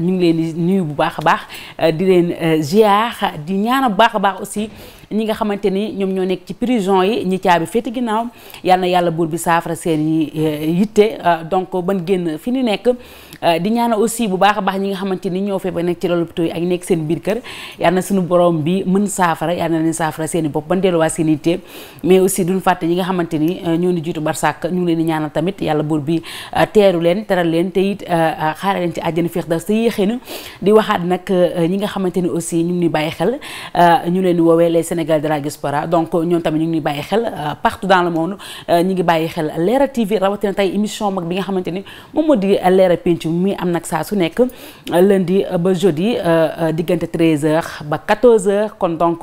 ñu ngi leen di nuyu bu baax a baax di leen euh, ziar di ñaan bu baax a baax aussi ñi nga xamante ni ñoom ñoo nekk ci prison yi ñi caabi féete ginnaaw yal na yàlla buur bi saafara seen yi euh, yitte euh, donc ban génn fi ñu nekk euh, di ñaana aussi bu baax a baax ñi nga xamante ni ñoo feebar nekk ci loolu hôpital yi ak nekk seen biir kër yal na saafara yal na leen saafara seen i bopp ban delluwaa seen yitte mais ñi nga xamante ni ñoo ni jiitu barsàk ñu ngi leen di ñaanal tamit yàlla buur bi teeru leen teral leen te it xaare leen ci àjjana fiix da sa yéexee di waxaat nag ñi nga xamante ni aussi ñu ngi bàyyi xel ñu leen woowee les Sénégal de la diaspora donc ñoom tamit ñu ngi bàyyi xel euh, partout dans le monde euh, ñu ngi bàyyi xel Leral TV rawatina tey émission mag bi nga xamante ni moom moo di Leral Penc muy am nag saa su nekk euh, lundi ba jeudi diggante 13 ba 14h kon donc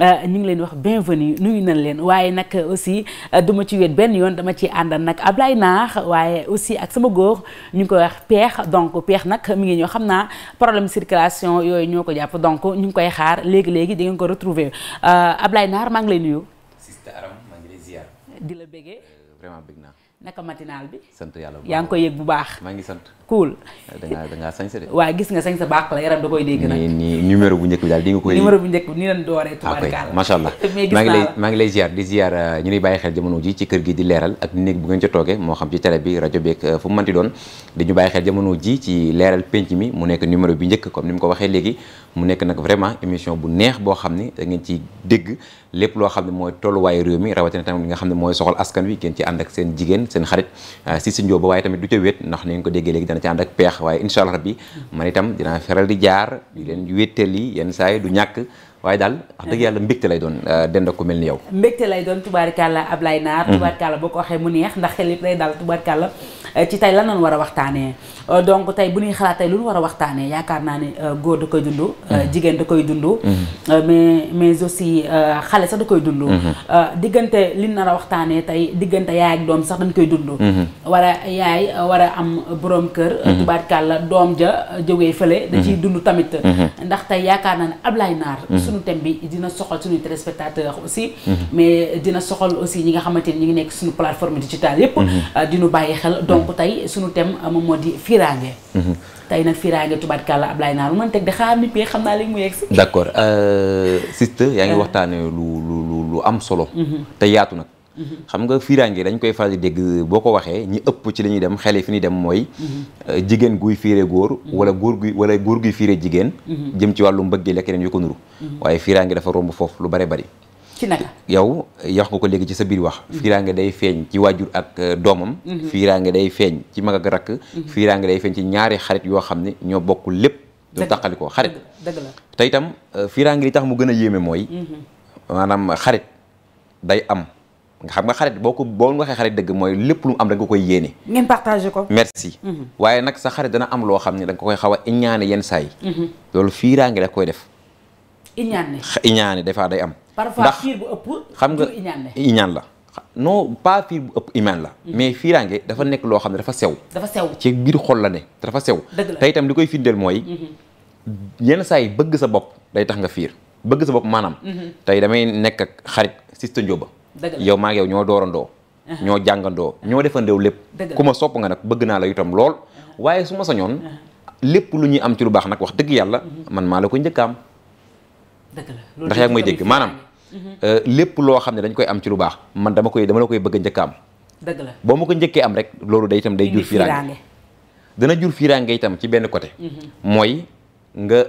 Euh, ñu ngi leen wax bienvenue nuyu nañ leen waaye nag aussi euh, duma ci wet benn yoon dama ci àndal nag ab Ablaye Naar waaye aussi ak sama góor ñu ngi koy wax peex donc peex nag mu ngi ñoo xam naa problème circulation yooyu ñoo ko jàpp donc ñu ngi koy xaar léegi léegi di ngeen ko retrouver euh, Ablaye Naar lay nuyu. Sista maa ngi lay ziar. di la bëggee. vraiment bëgg naa. naka matinal bi. sant yàlla yaa ngi koy yëg bu baax. maa ngi sant. cool. Eh, da ngaa de. waaw gis nga sañse baax la yaram da koy dégg nii nii numéro bu njëkk bi daal di nga koy. numéro bu njëkk bi nii lañ dooree. Ah, tubaarkaal macha allah lay maa ngi lay euh, bàyyi xel jamono ji ci kër gi di leeral ak néeg bu ngeen moo xam ci télé rajo beeg euh, fu ñu bàyyi xel jamono ji ci leeral penc mi mu nekk numéro bi njëkk comme ni mu ko waxee léegi mu nekk nag vraiment émission bu neex boo xam ne da ngeen ci dégg lépp loo xam ne mooy tolluwaayu réew mi rawatina tamit li nga xam ne mooy soxal askan wi ngeen ci ànd ak seen jigéen seen xarit euh, si si njóo ba waaye tamit du ko déggee léegi dana ci ànd ak peex waaye incha allah rabbi man itam dinaa feral di jaar di leen wéttali yenn saa yi du ñàkk waaye daal wax dëgg yàlla mbégte lay doon euh, dend ak ku mel ni yow mbégte lay doon tubaarkàlla Ablaye Naar mm-hmm. tubaarkàlla boo ko waxee mu neex ndax xel it lay daal tubaarkàlla Euh, ci tey lan lañ war a waxtaanee euh, donc tey bu ñuy xalaat tey lu ñu war a waxtaanee yaakaar naa ne euh, góor da koy dundu mm-hmm. jigéen da koy dundu mm-hmm. mais mais aussi xale sax da koy dund. Mm-hmm. diggante li nar a waxtaanee tey diggante yaay ak doom sax dañ koy dund. war a yaay war a am borom kër. tubaarkàlla doom ja jógee fële. da ciy dund tamit. ndax tey yaakaar naa ne Ablaye Naar. suñu thème bi dina soxal suñu téléspectateur aussi. mais dina soxal aussi ñi nga xamante ni ñu ngi nekk suñu plateforme digitale yépp di ñu bàyyi xel donc. donc tey sunu thème euh, moom moo di firange mhm. tey nag firange tubaarkàlla Ablaye naa lu mën teg de xaar nit xam naa léegi mu yegg si. d' euh, yaa ngi euh. waxtaane lu lu lu am solo. Mhm. te yaatu nag. Mhm. xam nga firange dañ koy faral dégg boo ko waxee ñi ëpp ci li ñuy dem xele fi ñuy dem mooy jigéen guy fiire góor wala góor guy wala góor guy fiire jigéen jëm ci wàllu mbëggeel ak yeneen yu ko nuru waaye firange dafa romb foofu lu bare bari ci naka. yow wax nga ko léegi ci sa biir wax. Mm-hmm. fiiraange day feeñ ci waajur ak euh, doomam. Mm-hmm. fiiraange day feeñ ci mag ak rakk. Mm-hmm. fiiraange day feeñ ci ñaari xarit yoo xam ne ñoo bokkul lépp. dëgg la du ko xarit. dëgg la te itam euh, fiiraange li tax mu gën a yéeme mooy. maanaam xarit day am. nga xam nga xarit boo ko boo waxee xarit dëgg mooy lépp lu am da koy yéene. ngeen partagé ko. merci. waaye nag sa xarit dana am loo xam ne da nga koy xaw a yenn saay loolu fiiraange da koy def. iñaan iñaani des day am. parfois fiir bu xam nga iñaan la. noo pas fiir bu ëpp iñaan la. Mhm. mais fiiraange dafa nekk loo xam ne dafa sew. dafa sew ci biir xol la ne dafa sew. te itam li koy findeel mooy. Mhm. yenn saa yi bëgg sa bopp day tax nga fiir bëgg sa bopp maanaam. Mhm. tey damay nekk ak xarit sista Njóoba. yow maa ngi yow ñoo doorandoo. ñoo jàngandoo ñoo defandoo lépp. ku ma sopp nga nag bëgg naa la itam lool. waaye su ma sañoon lépp lu ñuy am ci lu baax nag wax dëgg yàlla man maa la ko njëkkaam dëgg la ndax yaa ngi may dégg maanaam mhm. euh, lépp loo xam ne dañ koy am ci lu baax man dama koy dama la koy bëgg njëkk am boo ma ko njëkkee am rek loolu day itam day jur fiiraange dana jur fiiraange itam ci benn côté mhm. mooy nga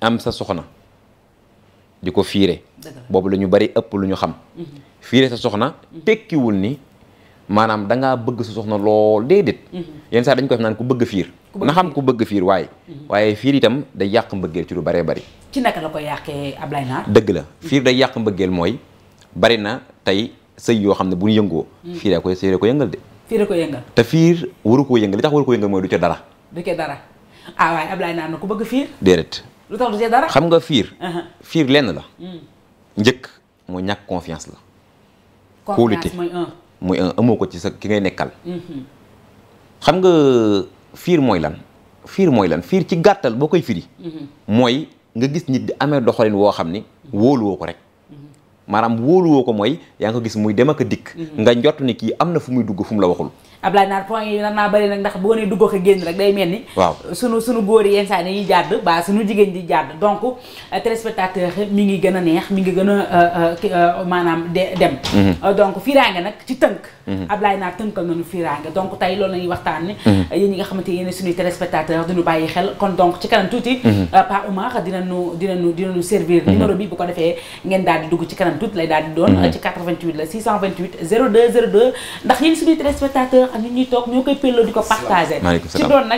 am sa soxna di ko fiire boobu la ñu bari ëpp lu ñu xam mhm. fiire sa soxna tekkiwul ni maanaam dangaa bëgg sa soxna lool déedéet yenn saa dañ koy def naan ku bëgg fiir na xam ku bëgg fiir waaye mhm. waaye fiir itam day yàq mbëggeel ci lu baree bari ci naka la ko yàqee Ablaye Naar dëgg la fiir day yàq mbëggeel mooy bari na tey sëy yoo xam ne bu ñu yëngoo mhm. fiir ko fiir ko yëngal de fiir ko yëngal te fiir waru koo yëngal li tax waru koo yëngal mooy du ca dara du ca dara ah waaye Ablaye Naar na ku xam nga fiir uh-huh. fiir lenn la mhm. njëkk mooy ñàkk confiance la kóolute mooy un mooy un amoo ko ci sa ki ngay nekkal xam nga fiir mooy lan fiir mooy lan fiir ci gàttal boo koy firi mhm. mooy nga gis nit di amee doxalin woo xam ni mhm. wóoluwoo ko rek mhm. maanaam wóoluwoo ko mooy yaa nga gis muy dem ak dikk nga njott ni kii am na fu muy dugg fu mu la waxul Ablaye naan point yi naa bëri nag ndax boo nee dugg ko génn rek day mel ni waaw sunu sunu góor yi yenn saa yi jàdd ba sunu jigéen ji jàdd donc euh, téléspectateur mi ngi gën a neex mi ngi gën a euh, euh, maanaam de dem mhm. donc fiiraange nag ci tënk mhm. Ablaye naar tënkal nañu fiiraange donc tey loolu lañuy waxtaan ni mhm. yéen ñi nga xamante yéen suñuy téléspectateur duñu bàyyi xel kon donc ci kanam tuuti Pa Oumar dinañu dinañu dinañu servir numéro bi bu ko defee ngeen daal di dugg ci kanam tuuti daal di doon ci 88 la 628 02 02 ak ñun ñuy toog ñoo koy pelloo di ko partagé ci doon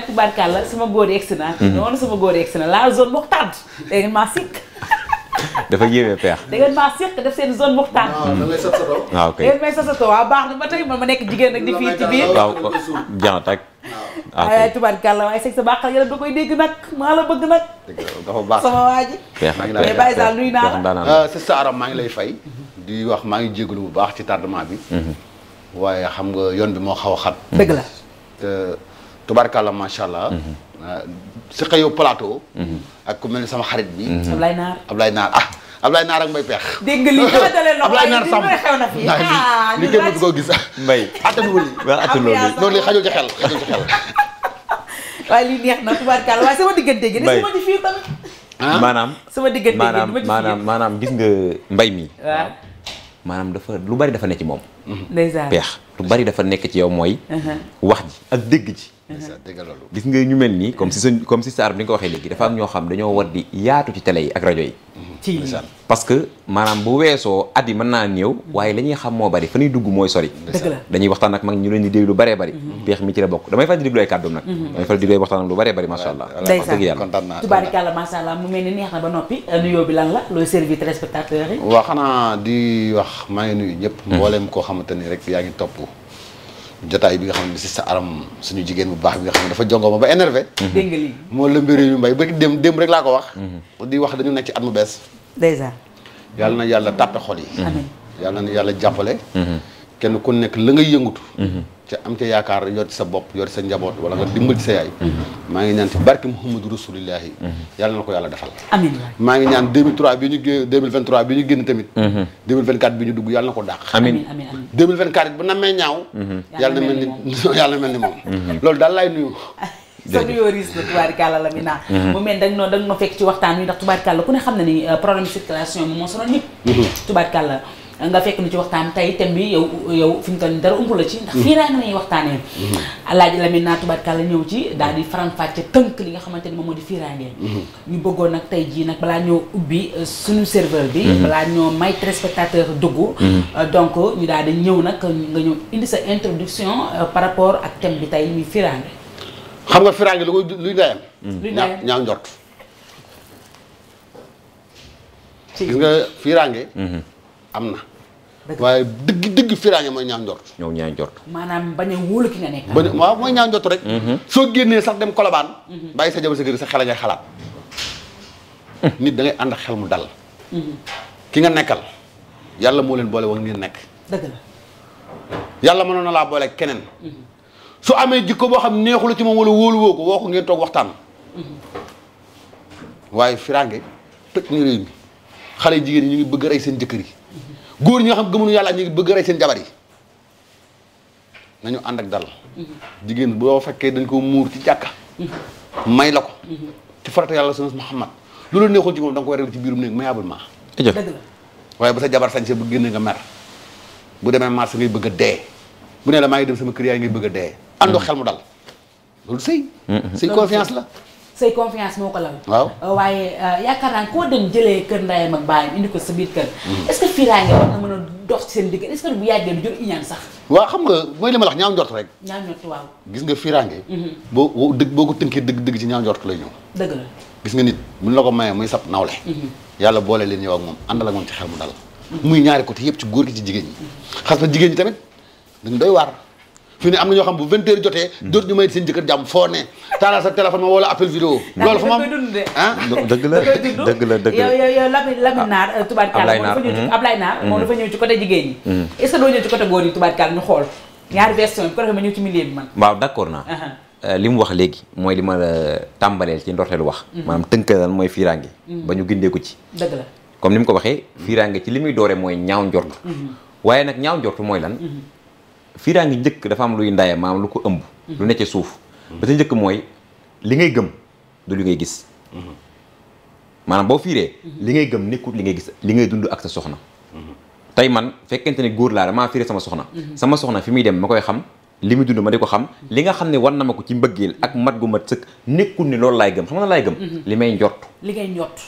sama góor na mhm. noonu sama góor egsi na la zone waxtaan da ngeen maa sikk dafa yéeme peex da ngeen maa sikk def seen zone waxtaan waaw ah, kay baax na ba tey man ma nekk jigéen nag waaw jant ak ah, waaye tubaarkaal la waaye seeg sa baaxal yaram da koy dégg nag maa la bëgg nag dafa baax sama waa ji mais bàyyi daal nuy naa la ah, c'est ça Aram maa ngi lay fay di wax maa ngi jégalu bu baax ci tardement bi mhm. waaye xam nga yoon bi moo xaw a xat. dëgg la. te tubaarkàlla macha allah. Mhm. Ah, xëyoo plateau. Mhm. ak sama xarit bi. Mhm. Ablaye Naar Ablaye Naar ah. Ablaye Naar ak Mbaye Peex. dégg nga lii dama dalee waaye lii mooy xew na fi ah, ko gis Mbaye attanu ah, ci xel waaye lii neex na tubaarkàlla waaye sama diggante gi. Mbaye sama di fii maanaam sama diggante gi maanaam maanaam gis nga mbay mi. dafa lu bari dafa ne ci moom. Mhm. peex lu bari dafa nekk ci yow mooy uh-huh. wax ji ak dégg ji dëgg loolu gis nga ñu mel nii comme si sëñ comme si saar bi nga ko waxee léegi dafa am ñoo xam dañoo war di yaatu ci télé yi ak rajo yi mhm. parce que maanaam bu weesoo at mën naa néew waaye la ñuy xam moo bari fa ñuy dugg mooy sori dañuy waxtaan ak mag ñu leen di déglu lu bëree bëri mhm. peex mi ci la bokk damay fal di déglu ay kàddoom nag mhm. damay fal di déglu ay waxtaanam lu bëree bëri macha allah wax dëgg yàlla tubaarikàlla allah mu mel ni neex na ba noppi euh, nuyoo bi lan la looy servir téléspectateurs yi waaw xanaa di wax maa ngi nuyu ñëpp mbooleem koo xamante ni rek yaa ngi topp jotaay bi nga xam ne si sa aram suñu jigéen bu baax bi nga xam ne dafa jongo ma ba énervé. Mhm. dégg moo la mbir yu mbay ba dem démb rek laa ko wax. Mhm. di wax dañu nekk ci at mu bees. dèjà. yàlla na yàlla tàppe xol yi. yàlla na yàlla jàppale. Mhm. kenn ku nekk la ngay yëngutu ca am ca yaakaar yor sa bopp yor sa njaboot wala nga dimbal ci sa yaay maa ngi ñaan ci barke Mouhamadou Rasulullahi yàlla na ko yàlla defal amiin maa ngi ñaan 2003 bi ñu génn tamit mhm. bi ñu dugg yàlla na ko dàq amiin bu namee ñaaw mhm. yàlla mel ni moom mhm. loolu daal laay nuyu sanu yoo riis la tubaarikàlla la mi naa mu mel dag noo fekk ci waxtaan wi ndax tubaarikàlla ku ne xam ne ni euh, problème circulation bi moo sonal ñëpp tubaarikàlla nga fekk nu ci waxtaan tey thème bi yow yow fi mu toll dara ump la ci ndax fii raa nga nañuy waxtaanee mm-hmm. alaaji Lamine naa tubaarkàlla ñëw ci daal di faram-fàcce tënk li nga xamante ni moom moo di fiiraange mm-hmm. ñu bëggoon nag tey jii nag balaa ñoo ubbi euh, suñu serveur bi mm-hmm. balaa ñoo may téléspectateur dugg euh, donc ñu daal di ñëw nag euh, nga ñëw indi sa introduction par rapport ak thème bi tey muy fiiraange xam nga fiiraange lu koy luy ndeyam ñaaw njort gis nga fiiraange am waaye dëgg dëgg firaange mooy ñaaw njort ñoom ñaaw maanaam bañ a wóolu ki nga nekk mooy ñaaw rek mm-hmm. soo génnee sax dem kolobaan mm-hmm. bàyyi sa jabar sa kër sa xel a ngay xalaat mm-hmm. nit dangay ànd ak xel mu dal ki nga nekkal yàlla moo leen boole wax ngeen nekk dëgg la yàlla mënoon na laa boole keneen su amee jikko boo xam neexul ci moom wala wóolu woo ko woo ko ngeen toog waxtaan waaye firaange tëj ñu réew xale jigéen ñi ñu ngi bëgg rey seen jëkkër yi góor ñi nga xam gëmuñu yàlla ñu ngi bëgg rey seen jabar yi nañu ànd ak dal mm-hmm. jigéen boo fekkee dañ ko muur ci jàkka mm-hmm. may la ko mm-hmm. ci farata yàlla sunna Muhammad loolu neexul ci moom da nga koy réglé ci biirum néeg mayabul ma waaye ba sa jabar sañse bu génnee nga mer bu demee marché ngay bëgg a dee bu ne la maa ngi dem sama kër yaay ngay bëgg a dee àndoo xel mu dal loolu sëy sëy confiance la say confiance moo ko lal waaw euh, waaye euh, yaakaar naa koo dem jëlee kër ndayam ak baayam indi ko sa biir kër mm. est-ce que fii nga na mën a dox ci seen diggante est-ce bu yàggee du sax waaw xam nga mooy li ma wax rek ñaaw njort waaw gis nga fiiraange mm-hmm. boo dëgg boo ko tënkee dëgg dëgg ci ñaaw njort lay ñëw dëgg la gis nga nit buñ la ko mayee muy sab nawle mm-hmm. yàlla boole leen yow ak moom àndal ak moom ci xel mu dal mm-hmm. muy ñaari côté yëpp ci góor gi ci jigéen ñi xas na jigéen ñi tamit dañ doy waar fi ne am na ñoo xam bu vingt jotee hmm. doot ñu may seen jëkkër jàmm foo ne taala sa téléphone ma wala appel vidéo loolu fa ma ah la dëgg la dëgg la yow yow Lamine Lamine Naar euh, tubaarkàlla moom dafa ñëw hmm. Ablaye Naar hmm. moom dafa ñëw ci côté jigéen ñi est doo ñëw ci côté góor yi tubaarkàlla ñu xool ñaari version bi ko defee ma ñëw ci milieu man waaw d'accord naa uh-huh. euh, li mu wax léegi mooy li ma la euh, tàmbaleel ci ndorteelu wax maanaam tënkalal mooy fiiraange ba ñu gindee ko ci dëgg la comme ni mu ko waxee fiiraange ci li muy doore mooy ñaaw njortu waaye nag ñaaw njortu mooy lan fiiraa ngi njëkk dafa am luy ndaye maam lu ko ëmb mhm. lu ne ci suuf ba ci njëkk mooy li ngay gëm du li ngay gis mhm. maanaam boo fiiree mhm. li ngay gëm nekkut li ngay gis li ngay dund ak sa soxna tey man fekkente ne góor laa damaa fiire sama soxna sama soxna fi muy dem ma koy xam li muy dund ma di ko xam li nga xam ne war na ma ko ci mbëggeel ak mat gu mat sëkk nekkul ni loolu laay gëm xam na laay gëm li may njort li ngay njort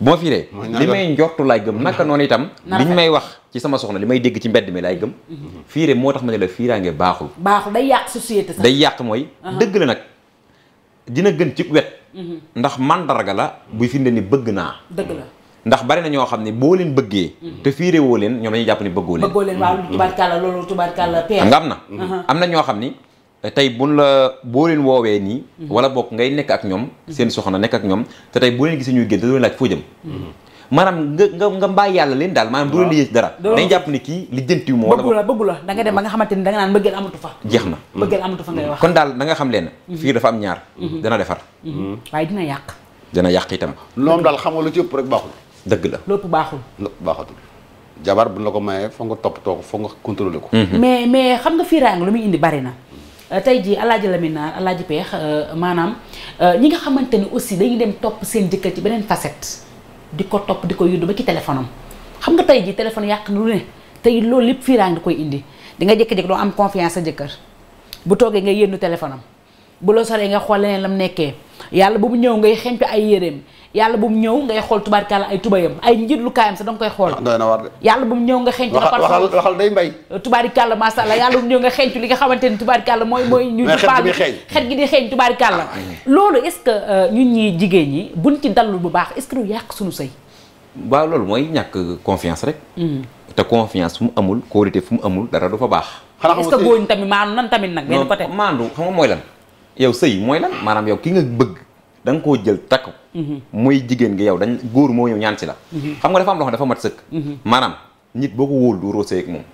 bu ma fiiree li may njortu laay gëm naka noonu itam bi ñu may wax ci sama soxna li may dégg ci mbedd mi laay gëm mhm. fiire moo tax ma ne la fiiraange baaxul baaxul day yàq société sax day yàq mooy uh-huh. dëgg la nag dina gën ci wet mhm. ndax mandarga la buy firnde ni bëgg naa dëgg ndax bare na ñoo xam ne boo leen bëggee mhm. te fiire woo leen ñoom ñu jàpp ni bëggoo leen bëggoo leen waaw tubaarkàlla loolu tubaarkàlla peer nga am na am na ñoo xam ni tey nu la boo leen woowee nii mhm. wala bokk ngay nekk ak ñoom mhm. seen soxna nekk ak ñoom te tey boo leen gisee ñuy génn te doo leen laaj foo jëm mhm. maanaam nga nga nga mbaay yàlla leen daal maanaam du leen liggéey dara dañ jàpp ni kii li jëntiwu moo bëggu la bëggu la da nga dem ba nga xamante ni da nga naan bëggeel amatu fa jeex na bëggeel amatu fa ngay wax kon daal da nga xam leen fii dafa am ñaar dana defar waaye dina yàq dina yàq itam loom daal xam nga lu ci ëpp rek baaxul dëgg la lu ëpp baaxul lu jabar bu la ko mayee foog nga topp ko foog nga contrôler ko mais mais xam nga fiiraange la muy indi bari na Euh, tey jii alaaji laminaar alaaji peex euh, maanaam euh, ñi nga xamante ni aussi dañuy dem topp seen jëkkër ci beneen facette di ko topp di ko yóndu ba ci téléphone am xam nga tey jii téléphone yàq na lu ne tey loolu lépp fiiraan di koy indi di nga jékki-jékki am confiance sa jëkkër bu toogee ngay yéndu téléphone am bu loo soree nga xool leneen la mu nekkee yàlla bu mu ñëw ngay xempi ay yéreem yàlla bu mu ñëw ngay xool tubaarkàlla ay tubayam ay njitlu kaayam sax da nga koy xool yàlla bu mu ñëw nga xeñtu la waxal waxal day mbay tubaarkàlla maa sha yàlla bu mu ñëw nga xeñtu li nga xamante ni tubaarkàlla mooy mooy ñu paal xet gi di xeeñ tubaarkàlla ah, loolu est-ce que euh, ñun ñi jigéen ñi buñ ci dallu bu baax est-ce que lu yàq suñu sëy waaw loolu mooy ñàkk confiance rek hmm. te confiance fu mu amul qualité fu mu amul dara du fa baax est-ce que nan tamit nag benn côté maandu xam nga mooy lan yow sëy mooy lan maanaam yow ki nga bëgg da nga koo jël takk mooy mhm. jigéen ngi yow dañ góor moo ñëw ñaan si la mhm. xam nga dafa am loo dafa mat sëkk mhm. maanaam nit boo ko wóolu du roosee ak moom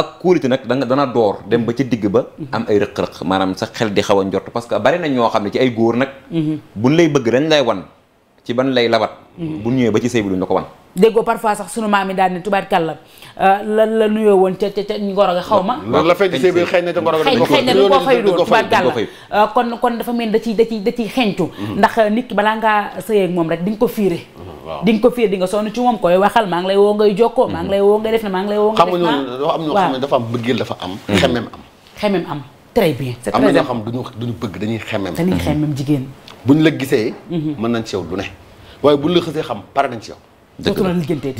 ak kóolite nag dana door dem ba ci digg ba am ay rëq-rëq maanaam sa xel di xaw a njort parce que bari nañ ñoo xam ne ci ay góor nag buñ lay bëgg dañ lay wan ci ban lay labat bu ñëwee ba ci sëy bi duñ la ko wan déggoo parfois sax sunu maam i daan ne tubaarkàlla euh, lan la nuyoo woon ca ca ngoro ga xaw ma. la fekk ci biir xëy na te ngoro ga xëy na dañ koo fay doon tubaarkàlla euh, kon kon dafa mel da ciy da ciy da ciy xeeñtu mhm. ndax euh, nit ki balaa ngaa sëyee ak moom rek di nga ko fiire mhm, di nga ko fiire di nga sonn ci moom koy waxal maa ngi lay woo ngay jokkoo maa ngi lay woo ngay def na maa ngi lay woo nga def na xam nga xam ne dafa am bëggeel dafa am mhm. xemem am xemem am na ñoo xam duñu duñu bëgg dañuy xemem dañuy xemem jigéen buñ la gisee mën nañ ci yow lu ne waaye buñ la xësee xam pare nañ ci yow dëgg la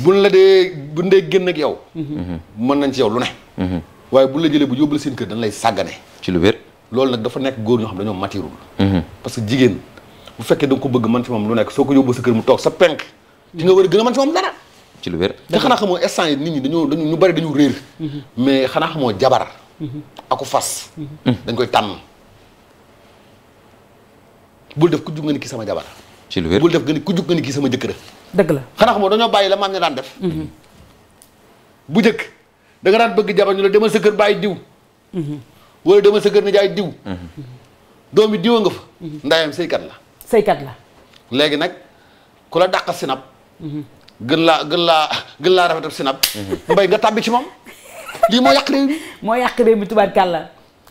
buñ la dee buñ dee génn ak yow. Mhm. mën nañ ci yow lu ne. Mhm. waaye buñ la jëlee bu yóbbu la seen kër dañ lay sàggane. ci lu wér loolu nag dafa nekk góor ñoo xam dañoo matirul. Mhm. parce que jigéen bu fekkee da ko bëgg man fi moom lu nekk soo ko yóbbu sa kër mu toog sa penk. di war a a mën ci moom dara. lu wér te xanaa xamoo instant yi nit ñi dañoo dañu ñu bari dañu réer. mais xanaa xamoo jabar. aku fas. dañ koy tànn bul def ku jug nga ni ki sama jabar. ci lu wér bul def gën ku jug nga ni kii sama jëkkër dëgg la xanaa xamoo dañoo bàyyi la maam ñu daan def mm-hmm. bu jëkk danga nga daan bëgg jabar ñu la demal sa kër bàyyi diw mm-hmm. wala demal sa kër ne jaay diw mm-hmm. doomi diwa nga fa ndayam saykat la saykat la léegi nag ku la dàqal sinab gën laa gën laa gën laa rafetal sinab mbay nga tàbbi ci moom lii moo yàq réew mi moo yàq réew mi tubaarkàlla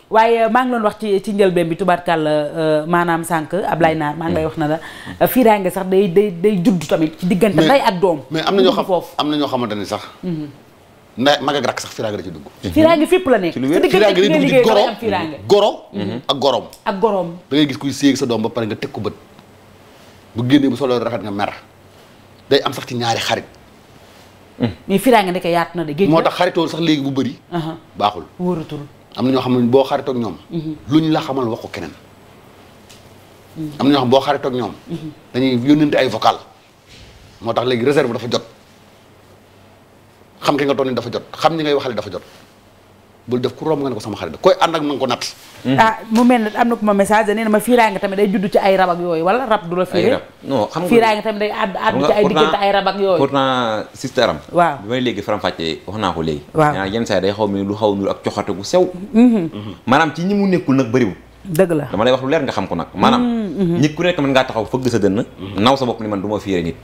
waaye maa ngi doon wax ci ci njëlbeen bi tubaarkàlla euh, maanaam sànq Ablaye Naar maa ngi lay mm. wax na la euh, fiiraange sax day day day judd tamit ci diggante nday ak doom mais am na ñoo xam am na ñoo xamante ni sax mm-hmm. nday mag rakk sax fiiraange da ci dugg mm-hmm. fiiraange fépp la nekk ci diggante gi nga liggéey goro am fiiraange goro mm-hmm. ak gorom ak gis kuy séeg sa doom ba pare nga teg ko bët bu génnee bu solo rafet nga mer day am sax ci ñaari xarit mais fiiraange ndeke yaatu na de géej moo tax xaritool sax léegi bu bëri uh-huh. baaxul wóorutul am na ñoo xam ne boo xaritoo ñoom mhm. lu ñu la xamal wax ko keneen. Mhm. am na ñoo xam boo xaritoo ñoom. Mhm. dañuy yónnante ay vocal. moo tax léegi réserve dafa jot xam ki nga toog ni dafa jot xam ñi ngay waxale dafa jot. bul def ku romb nga ne ko sama xarit koy ànd ak na natt mm-hmm. ah, mu mel ne am na ko ma message nee na ma fiiraa nga tamit day judd ci ay rab ak yooyu wala rab du la fiire non xam nga fiiraa nga tamit day àdd àdd ci ay diggante ay rab ak waaw bi may léegi faram fàccee wax naa ko léegi waaw yenn saa yi xaw mi lu xaw nuru ak coxate gu sew mm-hmm. Mm-hmm. maanaam ci ñi mu nekkul nag bëriwul dëgg la dama lay wax lu leer nga xam ko nag maanaam nit ku nekk mën ngaa taxaw fëgg sa dënn naw sa bopp ni man du ma fiire nit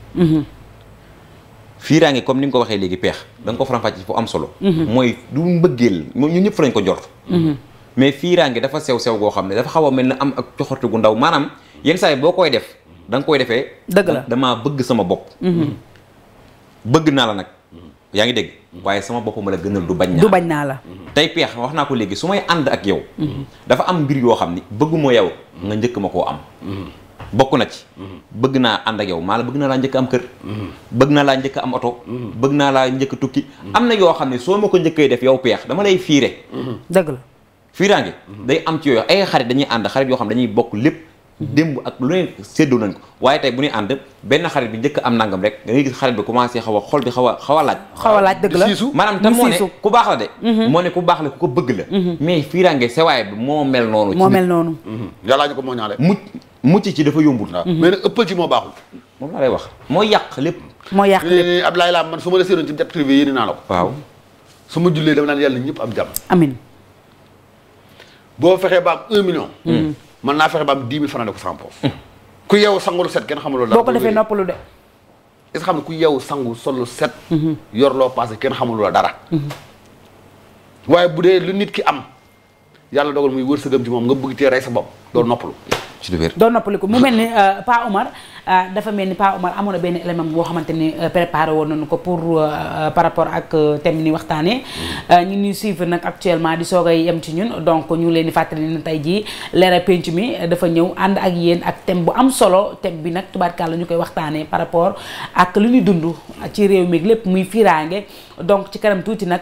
fiiraange comme ni nga ko waxee léegi peex da nga ko faram-fàcce fu am solo mhm. mooy du mbëggeel moom ñu ñëpp fa lañ ko njort mhm. mais fiiraange dafa sew sew goo xam ne dafa xaw mel na am ak coxortu gu ndaw maanaam yenn saa boo koy def da koy defee dëgg la damaa bëgg sama bopp mhm. naa la nag yaa ngi dégg waaye sama bopp ma la gënal du bañ naa bañ naa la tey peex wax naa ko léegi su may ànd ak yow dafa am mbir yoo xam ni bëgguma yow nga njëkk ma koo am bokk na ci bëgg naa ànd ak yow maa la bëgg naa laa njëkk am kër bëgg naa laa njëkk am oto bëgg naa laa njëkk tukki am na yoo xam ne soo ma ko njëkkee def yow peex dama lay fiire dëgg la fiiraange day am ci yooyu ay xarit dañuy ànd xarit yoo xam dañuy bokk lépp démb ak lu ne séddoo nañ ko waaye tey bu ñuy ànd benn xarit bi jëkk am nangam rek da ngay gis xarit bi commencé xaw a xol bi xaw a xaw a xaw a laaj dëgg la maanaam tam moo la de mhm. moo ku baax la ku ko bëgg la mhm. mais fiiraange sewaay bi moo mel noonu moo mel noonu mhm. yàllaa ci dafa yombul ah. mais nag ëppal ci moo baaxul moom moo yàq lépp moo eh, su ma la séeroon ci jet privé yéene naa la ko waaw su ma jullee dama naan yàlla ñëpp am jàmm amin boo fexee ba am un million mën naa fexe ba am 10 000 francs ne ko sama ku yeewu sangu lu set kenn xamuloo dara. que xam ne ku yeewu sangu lu set. kenn xamuloo dara. waaye bu dee lu nit ki am yàlla dogal muy wërsëgam ci moom nga bëgg cee rey sa bopp doo noppalu. ci mu mel ni euh, Pa Omar. Euh, dafa mel ni Pa Omar amoon na benn élément boo xamante ni euh, préparé woon nañu ko pour euh, par rapport ak thème ni waxtaanee mm-hmm. ñu ñuy suivre nag actuellement di soog a yem ci ñun donc ñu leen di fàttali ne tey jii leeral penc mi dafa ñëw ànd ak yéen ak thème bu am solo thème bi nag tubaarkàlla ñu koy waxtaanee par rapport ak lu ñu dund ci réew mi lépp muy fiiraange donc ci kanam tuuti nag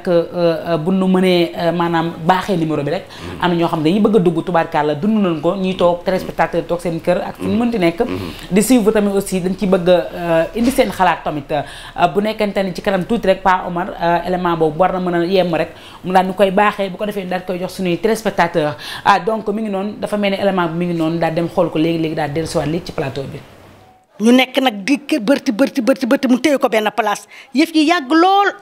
bu nu mënee maanaam baaxee numéro bi rek. Mm-hmm. am na ñoo xam ne dañuy bëgg a dugg tubaarkàlla dund nañ ko ñuy toog téléspectateur toog seen kër ak fu ñu mm-hmm. mënti nekk di suivre. ko tamit aussi dañ ci bëgg euh, indi seen xalaat tamit euh, bu nekkente ni ci kanam tuuti rek Pa Omar euh, élément boobu war na mën a yemm rek mu daal ñu koy baaxee bu ko defee daal koy jox su téléspectateurs ah donc mi ngi noon dafa mel ni élément bi mi ngi noonu daal dem xool ko léegi-léegi daal dellusiwaat léegi ci plateau bi ñu nekk nag di bërti bërti bërti bërti mu téye ko benn place yëf yi yàgg lool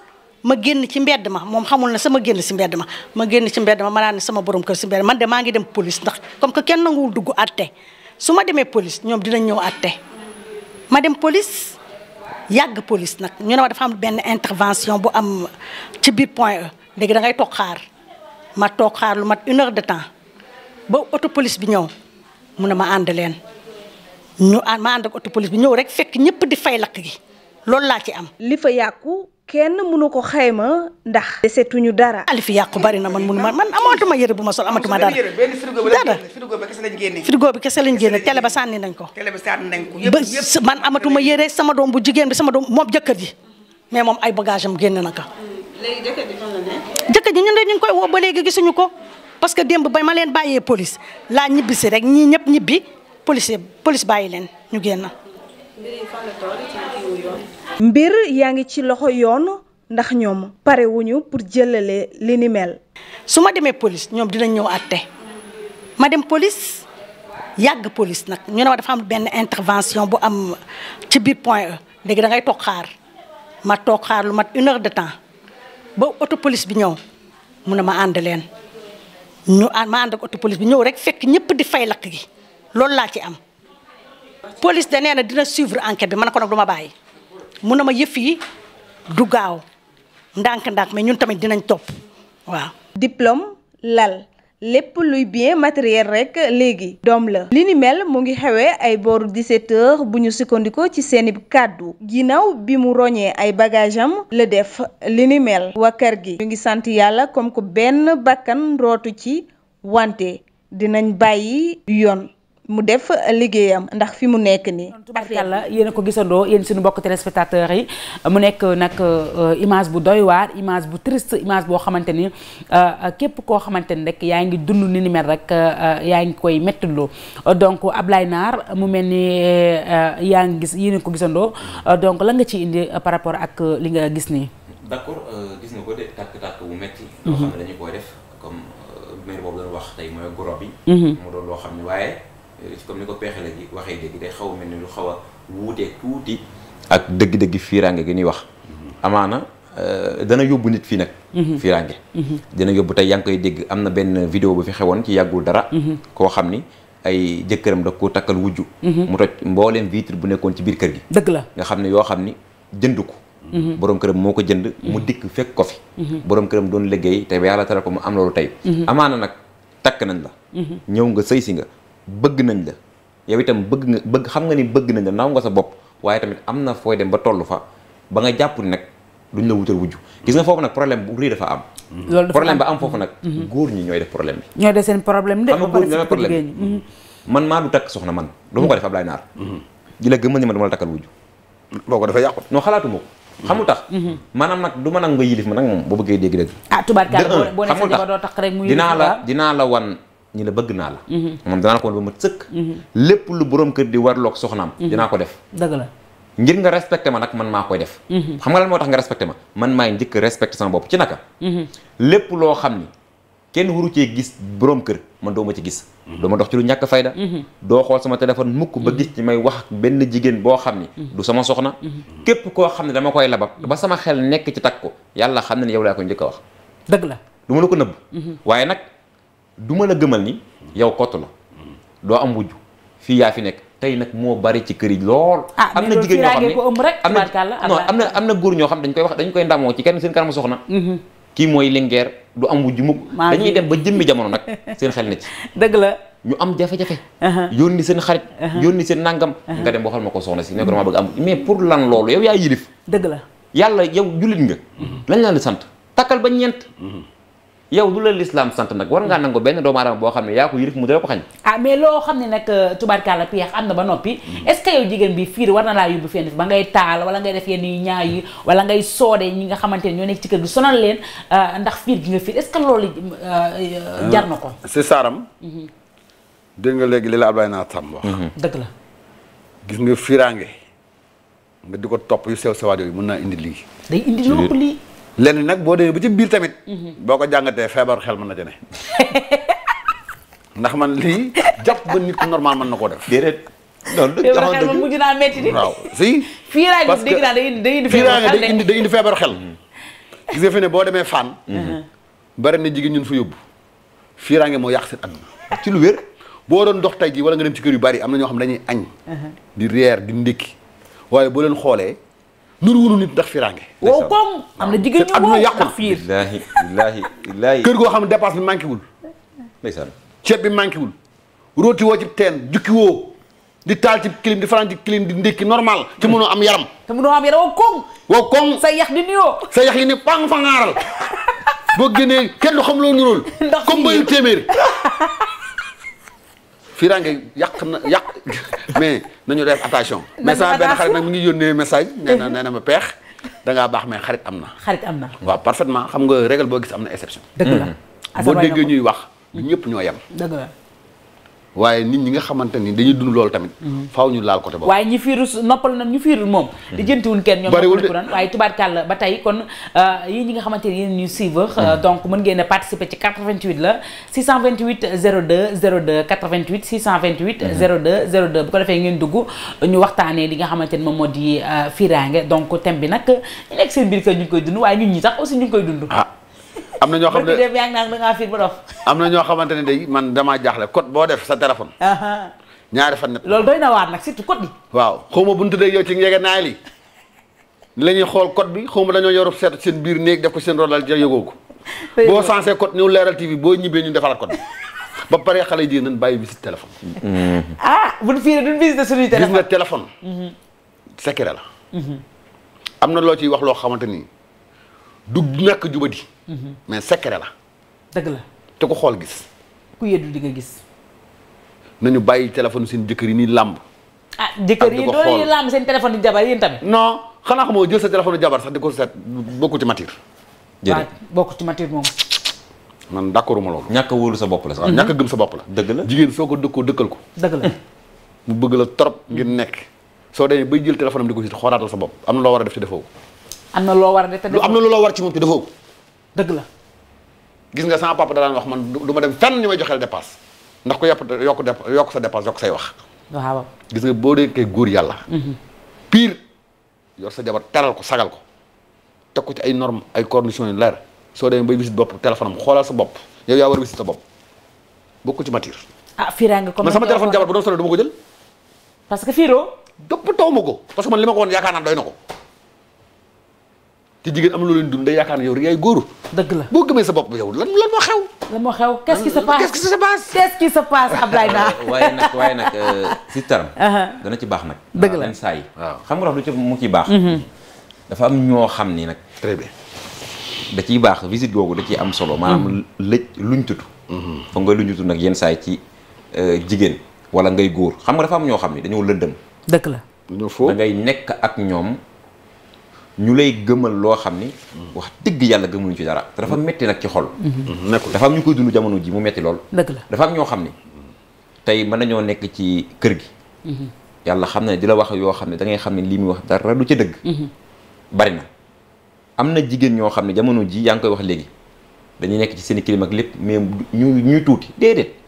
ma génn ci mbedd ma moom xamul na sama génn si mbedd ma ma génn ci mbedd ma ma naan ne sama borom kër man de maa ngi dem police ndax comme que kenn dugg àtte su ma demee police ñoom dinañ ñëw àtte ma dem police yàgg police nag ñu ne ma dafa am benn intervention bu am ci biir point E léegi da toog xaar ma toog xaar lu mat une de temps ba auto police bi ñëw mu ne ma ànd leen ñu ma ànd ak auto bi ñëw rek fekk ñëpp di fay lakk gi loolu laa ci am. li fa yàqu. kenn mënu ko xayma ndax. desetuñu dara. li fi yàqu bari na man mënu man man amatuma yëre bu ma sol amatuma dara. dara frigo bi kese lañ génne. frigo ba sànni nañ ko. man amatuma yëre sama doom bu jigéen bi sama doom moom jëkkër ji mais moom ay bagage am na ko. léegi jëkkër ji fan ne. ñu ngi koy woo ba léegi gisuñu ko parce que démb ba ma leen bàyyee police laa ñibbi si rek ñii ñëpp ñibbi police police bàyyi leen ñu génn. mbir yaa ngi ci loxo yoon ndax ñoom pare ñu pour jëlale li ni mel. su ma demee police ñoom dinañ ñëw àtte ma dem police yàgg police nag ñu ne ma dafa am benn intervention bu am ci biir point E léegi da toog xaar ma toog xaar lu mat une de temps ba auto police bi ñëw mun ne ma ànd leen ñu ma ànd ak auto police bi ñëw rek fekk ñëpp di fay lakk gi loolu laa ci am. police da nee na dina suivre enquête bi man ko nag du ma bàyyi. mu ne ma yëf yi du gaaw ndànk-ndànk mais ñun tamit dinañ topp waaw. diplôme lal. lépp luy bien matériel rek léegi doom la li mel mu ngi xewee ay booru 17 heures bu ñu sukkandikoo ci seeni kàddu ginnaaw bi mu roñee ay bagage la def linimel wa kër gi ñu ngi sant yàlla comme que benn bakkan rootu ci wante dinañ bàyyi yoon mu def liggéeyam ndax fi mu nekk nii. tubaarkàlla yéen a ko gisandoo yéen suñu mbokk téléspectateurs yi mu nekk nag euh, image bu doy waar image bu triste image boo xamante ni euh, képp koo xamante ni rek yaa ngi dund ni ni rek euh, yaa ngi koy méttilu donc Ablaye Naar mu mel ni yaa ngi gis yéen ko gisandoo donc lan nga ci indi par rapport ak li nga gis nii. d'accord gis mhm. dañu koy def mooy goro bi. Mhm. comme ni ko pexe la waxee léegi day xaw a mel ni lu xaw a wuutee tuuti. ak dëgg-dëgg fiiraange gi ñuy wax. Mhm. amaana euh, dana yóbbu nit fii nag. Mhm. fiiraange. Mhm. dina yóbbu tey yaa ngi koy dégg am na benn vidéo bu fi xewoon ci yàggul dara. koo xam ni. ay jëkkëram da ko takkal wujju mu toj mbooleem bu nekkoon ci biir kër gi dëgg la nga xam ne yoo xam ni jënd ko borom këram moo ko jënd mu dikk fekk ko fi borom këram doon liggéey te yàlla tere ko mu am loolu tey amaana nag takk nañ la ñëw nga sëy si nga bëgg nañ la yow itam bëgg nga bëgg xam nga ni bëgg nañ la naw nga sa bopp waaye tamit am na fooy dem ba toll fa ba nga jàpp ni nag duñ la wutal wujju gis nga foofu nag problème bu rëy dafa am loolu dafa problème ba am foofu nag mm-hmm. Mm-hmm. góor ñi ñooy def problème bi ñooy def seen problème de xam nga góor ñi ñooy problème mm-hmm. man maa du takk soxna man du ma ko def Ablaye Naar di la gëmal ni ma dama la takkal wujju boo ko dafa yàqu non xalaatuma ko xamul tax maanaam nag du ma nga yilif ma nag moom ah, boo bëggee dégg dëgg ah ñi la bëgg naa la mhm. moom danaa ko woon ba ma sëkk mhm. lépp lu borom kër di warloog soxnaam mhm. dinaa ko def dëgg la ngir nga respecté ma nag man maa koy def xam nga lan moo tax nga respecté ma man maay njëkk respecté sama bopp ci naka lépp loo xam ni kenn waru cee gis borom kër ma doo ma ci gis doo ma dox ci lu ñàkk fayda doo xool sama téléphone mukk ba gis ci may wax ak benn jigéen boo xam ni du sama soxna képp koo xam ne dama koy labab ba sama xel nekk ci tag ko yàlla xam ne ne yow laa koy njëkk a du ma la gëmal ni yow kott la doo am wujj fii yaa fi nekk tey nag moo bari ci kër yi lool. Ah, am na jigéen ñoo xam ne ko ëmb rek. am am na góor ñoo xam dañ koy wax dañ koy ndamoo ci kenn seen kanamu soxna. Mhm. kii mooy lingeer du am wujj mukk dañuy dem ba jëmmi jamono nag seen xel na ci. dëgg la ñu am jafe-jafe. Uh-huh. yónni seen xarit. Uh-huh. yónni seen nangam. Uh-huh. nga dem waxal ma ko soxna si ne ko dama bëgg am mais pour lan loolu yow yaa yilif. dëgg la yàlla yow jullit nga. Mhm. lañ la sant takkal ba ñeent. Mhm. yow lu la l'islam sant nag war ngaa mm. nangu benn doomu aadama boo xam ne yaa ko yërif mu dara ko xañ ah mais loo xam ne nag euh, tubaarkàlla piyeex am na ba noppi mm. est-ce que jigéen bi fiir war na laa yóbbu fenn ba ngay taal wala ngay def yenn yu ñaaw yi wala ngay soode ñi nga xamante ne ñoo nekk ci kër gi sonal leen euh, ndax fiir gi nga fiir est-ce que loolu euh, jar na ko si saaram mm-hmm. dégg nga léegi li la Ablaye naa tam wax mm-hmm. dëgg la gis nga fiiraange nga di ko topp yu sew sewaat yooyu indi lii lenn nag boo demee ba ci biir tamit. Mhm. boo ko jàngatee feebaru xel mën na ci ndax man lii jàpp ba nit ku normal mën na koo def. déedéet loolu dëgg xel xel mujj naa métti di. parce que day indi day indi feebaru xel. Mhm. gis nga fi ne boo demee Fann. Mhm. bari na jigéen ñun fa yóbbu. fiiraange moo yàq seen àdduna ci lu wér boo doon dox tey jii wala nga dem ci kër yu bari am na ñoo xam dañuy añ. di reer di ndékki waaye boo leen xoolee. nuru wunu nit ndax firaange. waaw comme am na jigéen ñu wow ndax fiir te adduna yàqu na. goo xam ne dépense bi manqué wul. ndeysaan ceeb bi manqué wul. rooti woo ci teen jukki woo di taal ci clim di faral ci clim di ndékki normal. te mënoo am yaram. te mënoo am yaram wow koŋ. wow koŋ sa yax di nuyoo. sa yax yi ni pang fa ngaaral boo génnee kenn xam loo nuróol. ndax comme bayu firange yàq na yàq mais nañu def attention. mais sama benn xarit na mi ngi yónnee message. nee na nee na ma peex da ngaa baax mais xarit am na. xarit am na waaw parfaitement xam nga règle boo gis am na exception. dëgg la mmh. boo déggee ñuy wax ñëpp ñoo yem. waaye nit ñi nga xamante ni dañuy dund loolu tamit mhm. faaw ñu laal côté boobu waaye ñi fiiru noppal na ñu fiirul moom mhm. di jëntiwuñ kenn ñoom bariwulan waaye tubaarkàlla ba tey kon euh, ñi nga xamante ni yéen ñu suivre euh, mhm. donc mën ngeen a participer ci 88 la 628 02 02 88 628 02 02 bu ko defee ngeen dugg ñu waxtaanee li nga xamante ni moom moo di euh, fiiraange donc thème bi nag ñu nekk seen biir kër ñu ngi koy dund waaye ñun ñi sax aussi ñu ngi koy dund ah, am na ñoo xam ne dem am na ñoo xamante ne day man damaa jaaxle code boo def sa téléphone ñaari fan net loolu doy na waar nag surtout code yi waaw xaw ma buntu day yow la ñuy xool code bi xaw ma dañoo yoru seetu seen biir néeg def ko seen rolal ja yëgoo ko boo sensé code ñëw leeral TV boo ñibbee ñu defaraat code bi ba pare xale ji nañ bàyyi visite téléphone mm-hmm. ah buñ fii duñ visite suñuy téléphone gis mm-hmm. la mm-hmm. am na loo ciy wax loo xamante nii du nakk jubadi Mm-hmm. mais secret la. dëgg la te ku xool gis. ku yeddu di nga gis. nañu bàyyi téléphone seen jëkkër yi nii làmb. ah jëkkër yi doo yi làmb seen téléphone di jabar yéen tamit. non xanaa xamoo jël sa téléphone jabar sax di ko seet bokku ci matière. jërëjëf bokku ci moom. man d'accord ma loolu. ñàkk a bopp la sax. Mm-hmm. ñàkk a sa bopp la. dëgg la jigéen soo ko dëkkoo dëkkal ko. dëgg la mu bëgg la trop ngir nekk. soo demee bay jël téléphone am di ko si xoolaatal sa bopp am na loo war a def ci defoo. am na loo war a def te defoo am na loo war ci moom te defoo dëgg la. gis nga saa papa da daan wax man du ma dem fenn ñu may joxeel dépasse ndax ko yàpp yokk yokk sa dépasse yokk say wax. gis nga boo dee kay góor yàlla. Mhm. pire yor sa jabar teral ko sagal ko te ko ci ay normes ay conditions yu leer soo demee bay visite bopp téléphone xoolal sa bopp yow yaa war a visite sa bopp bokku ci matière. ah firaa nga comme sama téléphone jabar bu doon solo du ma ko jël. parce que fiiroo. toppatoo ma ko parce que man li ma ko woon yaakaar naa doy na ko. te jigéen am loolu leen dund day yaakaar ne yow rek góoru dëgg la boo gëmee sa bopp yow lan lan moo xew. lan moo xew qu'est-ce qui se passe qu'est-ce qui se ce qui nag waaye nag euh, si taram. Uh-huh. dana ci baax nag. dëgg la saa yi. waaw xam nga lu ci mu ciy baax. Mm-hmm. dafa am ñoo xam ni nag. très da ciy baax visite googu da ciy am solo. maanaam mm-hmm. lëj luñ tutu. Mm-hmm. foog nga luñ tutu nag yenn saay yi ci euh, jigéen. wala ngay góor xam nga dafa am ñoo xam ni dañoo lëndëm. dëgg la dañoo foofu da nekk ak ñoom. ñu lay gëmal loo xam ni wax dëgg yàlla gëmaluñu ci dara te dafa mm-hmm. metti nag ci xol mm-hmm. dafa am ñu koy dund jamono ji mu metti lool dëgg la dafa am ñoo xam ni tey mën nañoo nekk ci kër gi mm-hmm. yàlla xam na ne di la wax yoo xam ne da ngay xam ne lii muy wax dara du ca dëgg bari na am na jigéen ñoo xam ne jamono ji yaa ngi koy wax léegi dañuy nekk ci seen i kilim ak lépp mais ñuy ñuy tuuti déedéet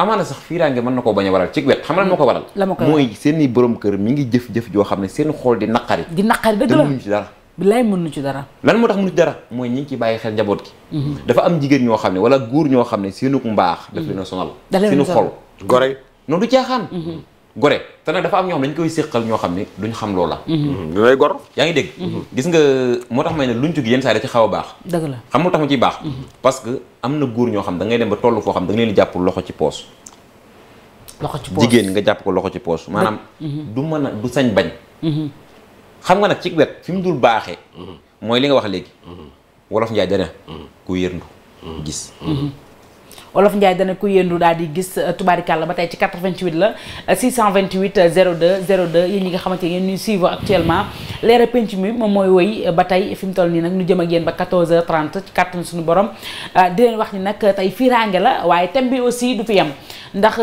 amaana sax fiiraange mën na koo bañ a waral ci wet xam lan moo ko waral mooy seen i borom kër mi ngi jëf-jëf joo xam ne seen xool di naqari di naqari dëgg la mënuñu ci dara bilaay mënuñu ci dara lan moo tax mënuñu ci dara mooy ñi ngi xel njaboot gi mhm. dafa am jigéen ñoo xam ne wala góor ñoo xam ne seenuk mbaax mhm. daf leen a sonal seen xol gore noonu du caaxaan mhm. gore te nag dafa am ñoo xam dañ koy séqal ñoo xam ne duñ xam loola lay mhm. gor yaa ngi dégg mhm. gis nga moo tax may ne luñ gi yenn saa yi da ci xaw a baax dëgg la xam mhm. xam da ngay dem ba toll foo xam da nga leen di jàpp loxo ci poos loxo ci poos jigéen nga jàpp ko loxo ci poos a du sañ bañ xam nga nag ci wet fi mu dul baaxee mooy li nga wax léegi wolof njaay dana ku yërndu gis olof Ndiaye dana ko yëndu daal di gis euh, tubaarikàlla ba tey ci 88 la 628 02 02 yéen ñi nga xamante ne yéen ñuy suivre actuellement penc mi moom mooy woy euh, ba tey fi mu toll nii nag ñu jëm ak yéen ba 14h30 ci kàttan suñu borom euh, wax ni nag tey fiiraange la waaye thème bi aussi du fi yem ndax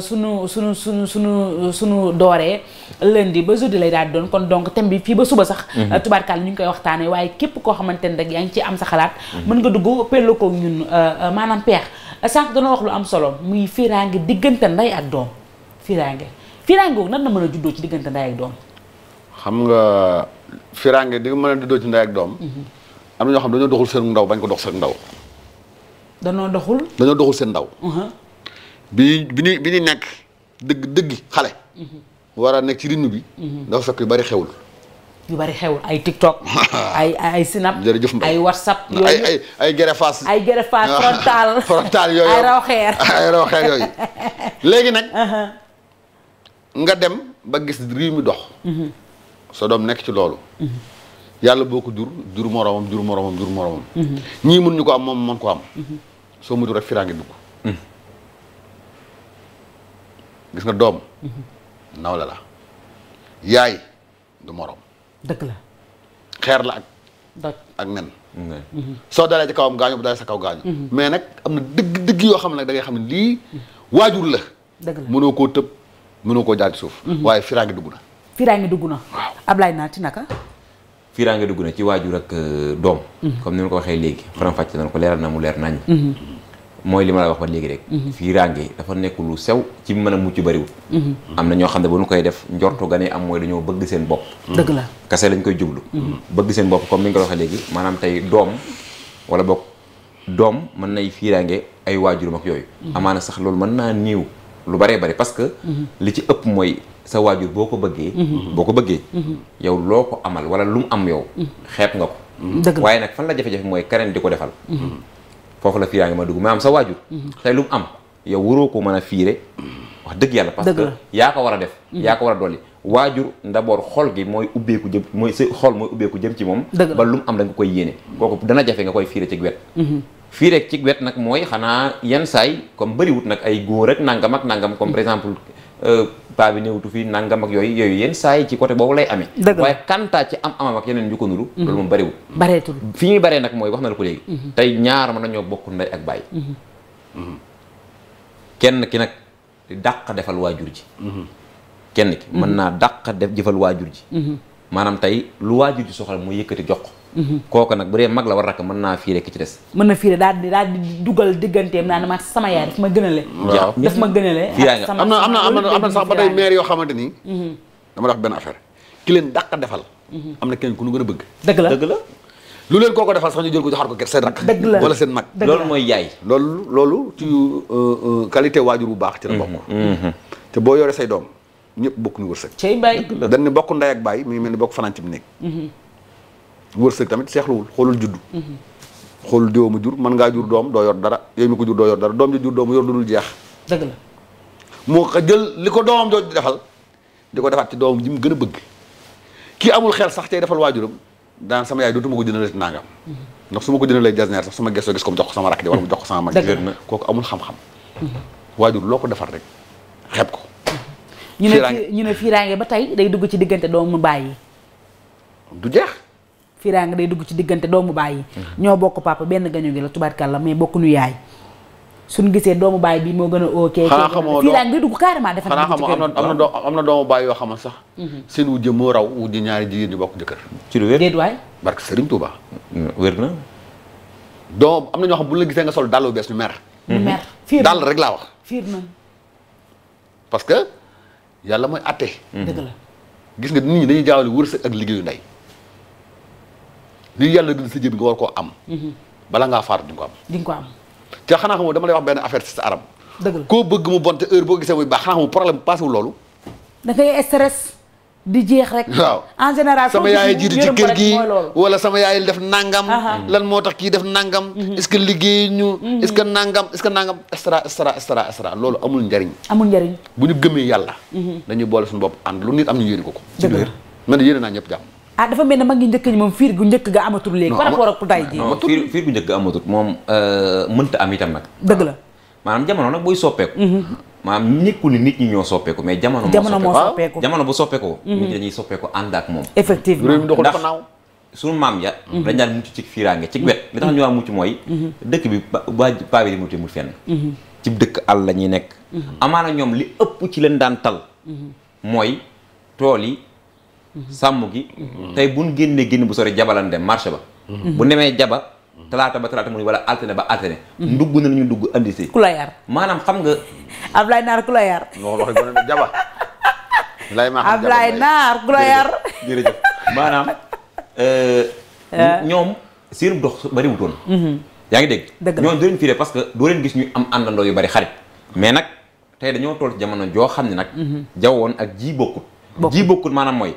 sunu sunu sunu sunu sunu dooree lundi ba jeudi lay daal di doon kon donc thème bi fii ba suba sax mhm. tubaarkàlla ñu ngi koy waxtaanee waaye képp koo xamante ne rek yaa ngi ci am sa xalaat mhm. mën nga dugg pello ko ñun maanaam peex Eh, sànq dana wax lu am solo muy fiiraange diggante nday ak doom fiiraange fiiraange googu nan na mën a juddoo ci diggante nday ak doom. xam nga fiiraange di mën a juddoo ci nday ak doom. Mhm. am na ñoo xam dañoo doxul seen ndaw bañ ko dox seen ndaw. danoo doxul. dañoo doxul seen ndaw. Uh-huh. bi bi ñuy bi ñuy nekk dëgg dëgg xale. Mhm. war a nekk ci rythme bi. Mhm. dafa fekk yu bari xewul. yu bari xew ay TikTok. ay ay Snap. jërëjëf Mbaye ay WhatsApp. yooyu ay ay ay gerefaas. ay gerefaas frontal. frontal ay raw xeer. yooyu léegi nag. Uh-huh. nga dem ba gis réew mi dox. Mm-hmm. sa doom nekk ci loolu. Mm-hmm. yàlla boo ko jur jur moromam jur moromam mm-hmm. ñii mën ñu ko am moom mën ko am. soo mu jur rek firaa dugg. Mm. gis nga doom. nawle la yaay du morom. dëgg la. xeer la ak. doj ak nen. Mhm. soo dalee ci kawam gaañu bu dalee sa kaw gaañu. Mhm. mais nag am na dëgg dëgg yoo xam ne nag da xam ne lii waajur la. dëgg la mënoo koo tëb mënoo koo jaar ci suuf. Mhm. waaye firaange dugg na. firaange dugg na. waaw Ablaye naati naka. firaange dugg na ci waajur ak euh, doom. comme ni ma ko waxee léegi. faram fàcce nañ ko leeral na mu leer nañ. mooy li ma la wax ba léegi rek. Mhm. fii ràngee dafa nekk lu sew ci mën a mucc bariwul. Mhm. am na ñoo xam ne bu ñu koy def njortu ga ne am mooy dañoo bëgg seen bopp. Mhm. dëgg la kase lañ koy jublu. bëgg seen bopp comme ni nga ko waxee léegi maanaam tey doom wala boog doom mën nay fiiraange ay waajuram ak yooyu. amaana sax loolu mën naa niiw lu baree bari parce que. li ci ëpp mooy sa waajur boo ko bëggee. boo ko bëggee. yow loo ko amal wala lu mu am yow. xeeb nga ko. dëgg waaye nag fan la jafe-jafe mooy keneen di ko defal. foofu la fiiraange ma dugg maanaam sa waajur mhm. tey lu mu am yow waroo ko mën a fiire wax dëgg yàlla parce que yaa ko war a def mhm. yaa ko war a dolli waajur d'abord xol gi mooy ubbeeku jëm mooy sa xol mooy ubbeeku ci moom ba lu mu am da nga koy yéene kooku dana jafe nga koy fiire ci wet mhm. fii rek ci wet nag mooy xanaa yan saay comme bëriwut nag ay góor ak nangam ak nangam comme par exemple Euh, paa bi néewtu fii nangam ak yooyu yooyu yenn saa yi ci côté boobu lay ame waaye kantaa ci am amam ak yeneen ñu mhm. loolu moom barewul bareetul fi ñuy baree nag mooy wax na la ko léegi mhm. tey ñaar mën nañoo bokk ndey ak bàyyi mhm. kenn ki nag daq defal waajur ji kenn ki mën naa daq def jëfal waajur ji maanaam tey lu waajur ji soxal mu yëkkati jox Mhm. kooku nag bu dee mag la war rakk mën naa fiire ki ci des mën na fiire daal di daal di dugal digganteem naa ne ma sama yaay daf ma gënale waaw daf ma gënale am na am na am na am na sax ba tey maire yoo xamante ni mhm. dama def benn affaire ki leen dàq defal mhm. am na kenn ku nu gën a bëgg dëgg la dëgg la lu leen kooko defal sax ñu jël ko joxaat ko seen rakk wala seen mag loolu mooy yaay loolu loolu ci euh, euh, qualité waajur bu baax ci la bokk te boo yore say doom ñëpp bokk ñu wërsëg cey bay dañ ne bokk ndey ak baay mi mel ni bokk fanaan ci mu nekk wërsëg tamit seexluwul xoolul juddu. xoolul diwoo ma jur mën ngaa jur doom doo yor dara yow mi ko jur doo yor dara doom ji jur doom yor lu dul jeex. moo ko jël li ko doomam jooju defal di ko defaat ci ji mu gën a bëgg kii amul xel sax tey defal waajuram daan sama yaay dootuma ko jëndalee nangam. ndax su ko jëndalee jasneer sax sama gëstoo gis ko mu jox ko sama rakk ji wala mu jox ko sama mag amul xam-xam waajur loo ko defar rek xeeb ko ñu ne ñu ne fiiraange ba tey day dugg ci diggante doomu bàyyi du jeex fiiraange day dugg ci diggante doomu baay yi mhm. ñoo bokk papa benn gaño gi la tubaarkàlla mais bokk nu yaay suñu gisee doomu baay bi moo gën a ok xanaa xamoo fiiraange day dugg carrément dafa xanaa xamoo am na am na am na doomu baay yoo xaman sax mhm. seen wujje moo raw wujje ñaari bokk jëkkër ci lu wér déet waay barke Sëriñ Tuuba na doom am na ñoo bu la gisee nga sol dàllu bees ñu mer ñu mer mhm. fiir laa wax fiir na parce que yàlla mooy atte dëgg la gis nga nit ñi dañuy jaawale wërsëg ak liggéeyu ndey li yàlla bind sa jëb nga war koo am mhm. bala ngaa faatu di ko am di nga ko am te xanaa xam dama lay wax benn affaire si sa aram dëgg la koo bëgg mu bon te heure boo gisee muy baax xanaa xam problème passé wu loolu da ngay stress di jeex rek waaw en général sama yaay jiitu ci kër gi wala sama yaay def nangam lan moo tax kii def nangam mhm. est-ce que liggéey ñu mhm. est-ce que nangam est-ce que nangam extra extra extra extra loolu amul njariñ amul njariñ bu ñu gëmee yàlla dañuy boole suñu bopp ànd lu nit am ñu yéene ko ko ah dafa mel ne mag ñi njëkk ñi moom fiir gu njëkk ga amatul léegi par rapport ak tay ji fiir fiir gu njëkk ga amatul moom euh, mënta am itam nag dëgg la maanaam jamono nag booy soppeeku mhm. maanaam nekkul ni nit ñi ñoo soppeeku mais jamono moo soppeeku jamono bu soppeekoo mhm. nit ñi dañuy soppeeku ànd ak moom effectivement ndax suñu maam ya mhm. dañ daan mucc ci fiiraange ci wet li tax ñu waa mucc mooy dëkk bi ba paa bi di mu fenn ci dëkk àll la nekk amaana ñoom li ëpp ci leen daan tal mooy tool yi sàmm gi tey bu génnee génn bu sore jabalan dem marché ba bu nemee jaba talaata ba talaata mu wala altine ba altine ndugg na ñu dugg andi si ku la yar maanaam xam nga Ablaye Naar ku la yar wax wax gone jaba Ablaye Naar yaa ngi dégg ñoom doo leen fiire parce que doo leen gis ñu am àndandoo yu bari xarit mais nag tey dañoo toll ci jamono joo xam ne nag mhm. jawoon ak ji bokkut ji bokkut maanaam mooy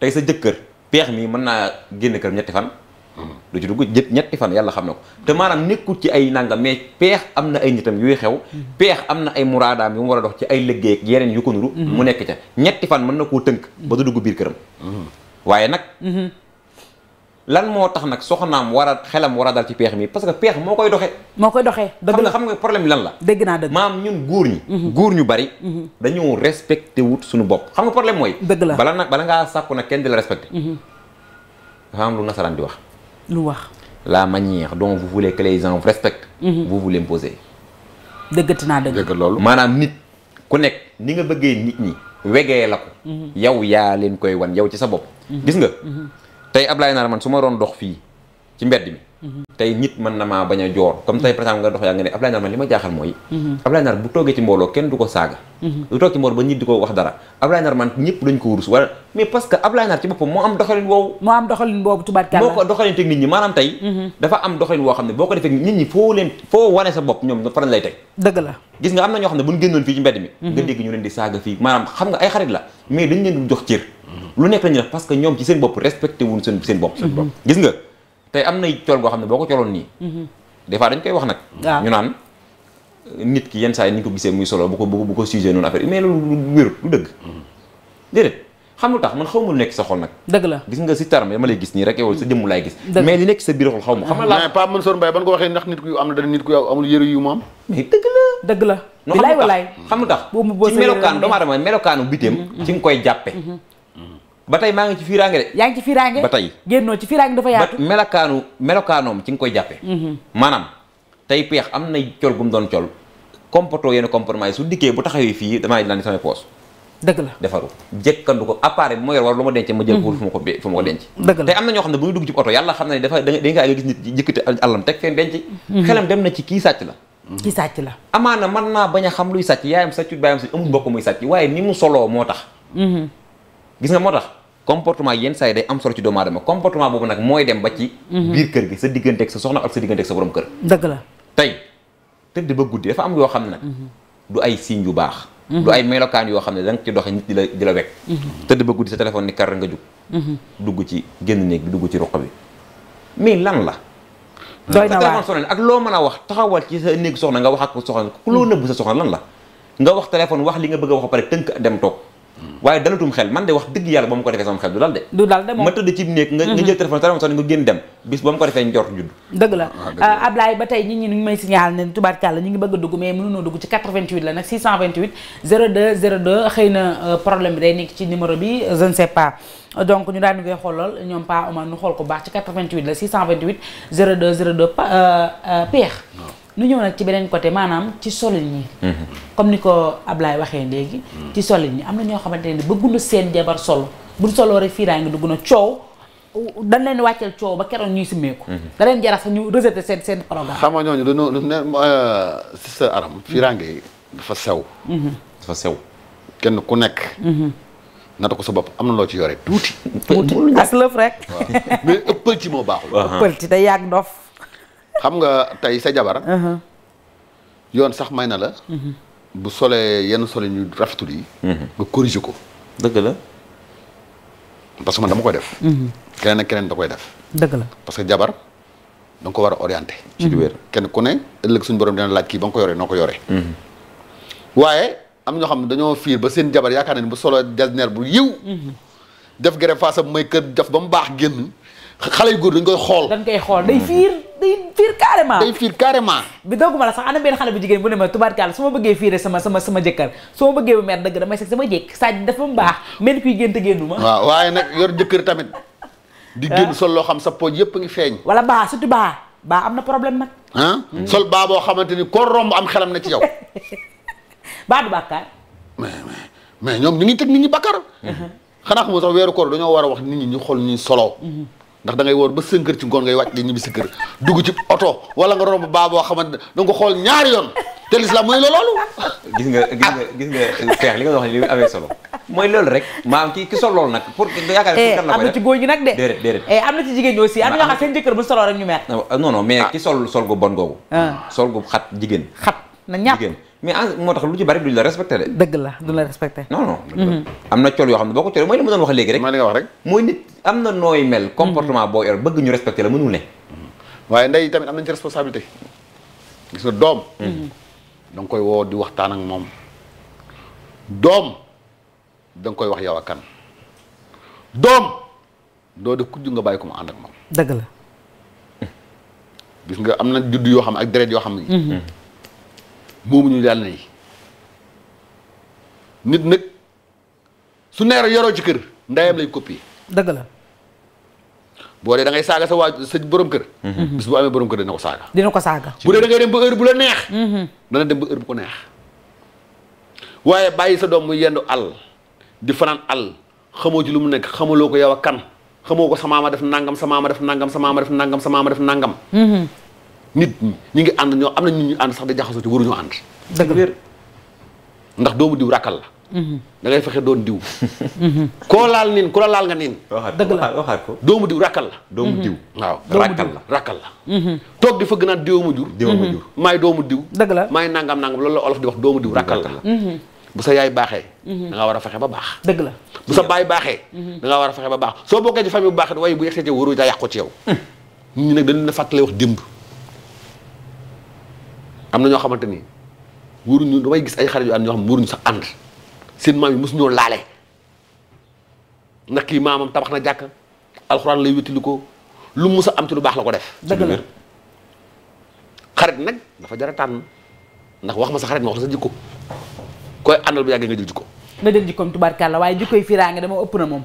tey sa jëkkër peex mii mën naa génn kër ñetti fan hmm. du ci dugg ñetti fan yàlla xam na ko te maanaam nekkul ci ay nangam mais peex am na ay nitam yuy xew hmm. peex am na ay muraadaam yu mu war a dox ci ay liggéey ak yeneen yu ko nuru hmm. mu nekk ca ñetti fan mën na koo tënk ba du dugg biir këram waaye nag lan moo tax nag soxnaam war a xelam war a dal ci peex mi parce que peex moo koy doxe moo koy doxee dëgg la xam nga problème bi lan la dëgg naa dëgg maam ñun góor mhm. góor ñu bari mhm. dañoo respecté wut suñu bopp xam nga problème mooy dëgg la bala nag bala ngaa sàkku nag kenn di la respecté mhm. dafa am lu di wax lu wax la manière dont vous voulez que les gens vous respectent vous vous naa dëgg loolu maanaam nit ku nekk ni nga bëggee nit ñi wegee la ko yow yaa leen koy wan yow ci sa bopp gis nga tey Ablaye Naar man su ma doon dox fii ci mbedd mi tey nit mën na maa bañ a joor comme tey par exemple nga dox yaa nga ne Ablaye Naar man li ma jaaxal mooy Ablaye Naar bu toogee ci mbooloo kenn du ko saaga du toog ci mbooloo ba nit ñi foo leen foo wane sa bopp ñoom faran lay teg dëgg la gis nga am na ñoo xam ne buñ génnoon fii ci mbedd mi nga dégg ñu leen di saaga fii maanaam xam nga ay xarit la mais dañ leen du jox cër lu nekk lañu def parce que ñoom ci seen bopp respecté wuñ seen mhm. seen bopp gis nga te am na col goo xam ne boo ko coloon nii mhm. des fois dañ koy wax nag ñu naan nit ki yenn saa yi ni ñu ko gisee muy solo bu ko bu ko sujet noonu mais lu dëgg mhm. déedéet xam lu tax xaw ma lu nekk sa xol nag la gis nga si tarme dama lay gis nii rek yow sa jëmm laay gis mais li nekk sa biir xol xaw ma ah. xam nga la Pape Mansour Mbaye ban ko waxee ndax nit ku am la dana nit ku amul yëre yu mu am mais dëgg la dëgg la bilaay walaay xam lu tax ci melokaan doomu aadama melokaanu bitéem ci nga koy jàppe ba tey maa ngi ci fiiraange de ba tey génnoo ci fiiraange dafa yaatu melokaanu melokaanoom ci nga koy jàppe mhm. maanaam tey peex am na col gum doon col comporto yenn comportement yi su dikkee bu taxawee fii damaa naan samay poos dëgg la defaru ma mhm. na ñoo xam ne bu ñu dugg ci oto yàlla xam ne dafa da nga gis nit jëkkati àllam teg feen denc mhm. xelam dem na ci kii sàcc la kii sàcc la amaana man naa bañ a xam luy sàcc yaayam sàccut baayam sàcc amul bokk muy sàcc waaye ni mu soloo moo tax gis nga moo tax comportement yenn saa yi day am solo ci doomu aadama comportement boobu nag mooy dem ba ci mhm. biir kër gi sa digganteeg sa soxna ak sa digganteeg sa borom kër ba guddi dafa am yoo xam ne mhm. du ay signe yu baax mhm. ay melokaan yoo xam ne da nga ci di la di la wekk ba guddi sa téléphone ni kar nga jug dugg ci génn néeg dugg ci ruq bi mais lan la doy na waar sonal ak loo mën a wax taxawal ci sa néeg soxna nga wax ak soxna ku loo nëbb sa soxna lan la nga wax téléphone wax li nga bëgg a wax ba pare tënk dem toog waaye dalatum xel man de wax dëgg yàlla ba mu ko defee sama xel du dal de ma tëdd ci néeg nga nga mhm. jël téléphone sax sonni nga génn dem bis ba mu ko defee njort judd dëgg la ah, ah, Ablaye ba tey nit ñi ñu may signal ne tubaarkàlla ñu ngi bëgg a dugg mais mënuñoo dugg ci 88 la nag 628 02 02 xëy na euh, problème bi day nekk ci numéro bi je ne sais pas donc ñu daan ñu koy xoolal ñoom Pa Omar ñu xool ko baax ci 88 la 628 02 nu ñëw nag ci beneen côté maanaam ci solin ñi comme ni ko Ablaye waxee léegi ci solin ñi am na ñoo xamante ne bëgguñu seen jabar solo buñ soloo rek fii daa ngi dugg na coow dañ ba keroon mhm. da leen jarax sax ñu rejeté seen seen programme xam nga ñooñu dañu lu ne euh, sister Aram mhm. firange yi dafa sew mhm. dafa sew kenn ku nekk nata ko sa bopp am na loo ci yore tuuti tuuti as lëf rek mais ëppal ci moo baaxul ëppal ci day yàgg dof xam nga tey sa jabar uh-huh. yoon sax may na la uh-huh. bu solee yenn sole ñu rafetul yi uh-huh. nga corriger ko dëgg la parce que man dama koy def keneen ak keneen da koy def dëgg la parce que jabar da nga ko war a orienté ci lu wér kenn ku ne ëllëg suñu borom dina laaj kii ba nga ko yoree noo ko yoree waaye am ñoo xam ne dañoo fiir ba seen jabar yaakaar ne bu solo jasneer bu yiw def gere faasam may kër def ba mu baax génn xale yu góor dañ koy xool. dañ koy xool day fiir day fiir carrément. day fiir carrément. bi dooguma la sax ana benn xale bu jigéen bu ne ma tubaarkaal su ma bëggee fiire sama sama sama jëkkër su ma bëggee bu mer dëgg damay sax sama jëkk saaj dafa baax mel kuy gént génnuma. waaw waaye nag yor jëkkër tamit. di ah. sol loo xam sa pooj yëpp ngi feeñ. wala baa surtout baa baa am na problème nag. Ah? Hmm. sol baa boo xamante ni ko romb am xelam na ci yow. baa du bàkkaar. mais ñoom ñu ngi teg nit ñi bàkkaar. xanaa xam nga weeru koor dañoo war a wax nit ñi ñu xool nii solo hmm. ndax da ngay woor ba cinq heures ci ngoon ngay wàcc di ñibbi si dugg ci oto wala nga romb baa boo xamante da nga ko xool ñaari yoon te lislaam mooy la loolu. gis nga gis nga gis nga peex li li amee solo mooy loolu rek maam kii ki sol loolu nag pour yaakaar eh, am na ci góor ñi nag de déedéet déedéet eh, am na ci jigéen ñi aussi am na ñoo xam seen jëkkër bu solo ñu mer ah, non non ah. ki sol sol gu bon googu ah. sol gu xat jigéen xat na ñàpp mais en moo tax lu ci bari duñ la respecté de. dëgg la duñ la respecté. non non. Mhm. am na col yoo xam ne boo ko colee mooy li ma doon wax léegi rek. ma mooy nit am na nooy mel. comportement boo yor bëgg ñu respecté la mënul ne. Mhm. waaye nday tamit am nañ ci responsabilité. gis mhm. nga koy woo di waxtaan ak moom. doom da koy wax yow ak doom doo de kujj nga bàyyi ànd ak moom. dëgg la. gis nga am na judd yoo xam ak deret yoo xam ne. moomuñu yàlla yi nit nag su neera yoroo ci kër ndayam lay copier. dëgg la. boo dee da saaga sa waaj sa borom kër. Mhm. bis bu amee borom kër dina ko saaga. ko saaga. bu dee da ngay dem ba heure bu la neex. Mhm. dana dem ba heure bu ko neex. waaye bàyyi sa doom mu yendu àll di fanaan àll xamoo ci lu mu nekk xamaloo ko yow a kan xamoo ko sa maama def nangam sa maama def nangam sa maama def nangam sa maama def nangam. Mhm. nit ñi ñu ngi ànd ñoo am na nit ñu ànd sax da jaxasoo te waruñoo ànd. dëgg ndax doomu diw rakkal la. Mhm. da ngay fexe doon diw. Mhm. koo laal niin ku la laal nga niin. dëgg la waxaat ko doomu diw rakkal la. doomu mhm. diw waaw rakkal la rakkal la. toog di fëgg naan diw ma jur. diw ma jur maay doomu diw. dëgg la maay nangam nangam loolu la olof di wax doomu diw rakkal la. bu sa yaay baaxee. da nga war a fexe ba baax. dëgg la bu sa baay baaxee. da nga war a fexe ba baax soo bokkee ci famille bu baax it waaye bu yegsee ci wóoru a yàqu ci yow. Hmm. nit ñi nag dañu la fàttali wax am na ñoo xamante ni waruñu damay gis ay xarit yu ànd ñoo xam ñu sax ànd seen maam yi mosu ñoo laale nag kii maamam tabax na jàkk alxuraan lay wétali ko lu mu mës a am ci lu baax la ko def. dëgg la xarit nag dafa jar a tànn ndax wax ma sa xarit ma wax sa jikko koy àndal bu yàggee nga jël jikko. nga jël jikkoom tubaarkàlla waaye jikkoy firaange dama ëpp na moom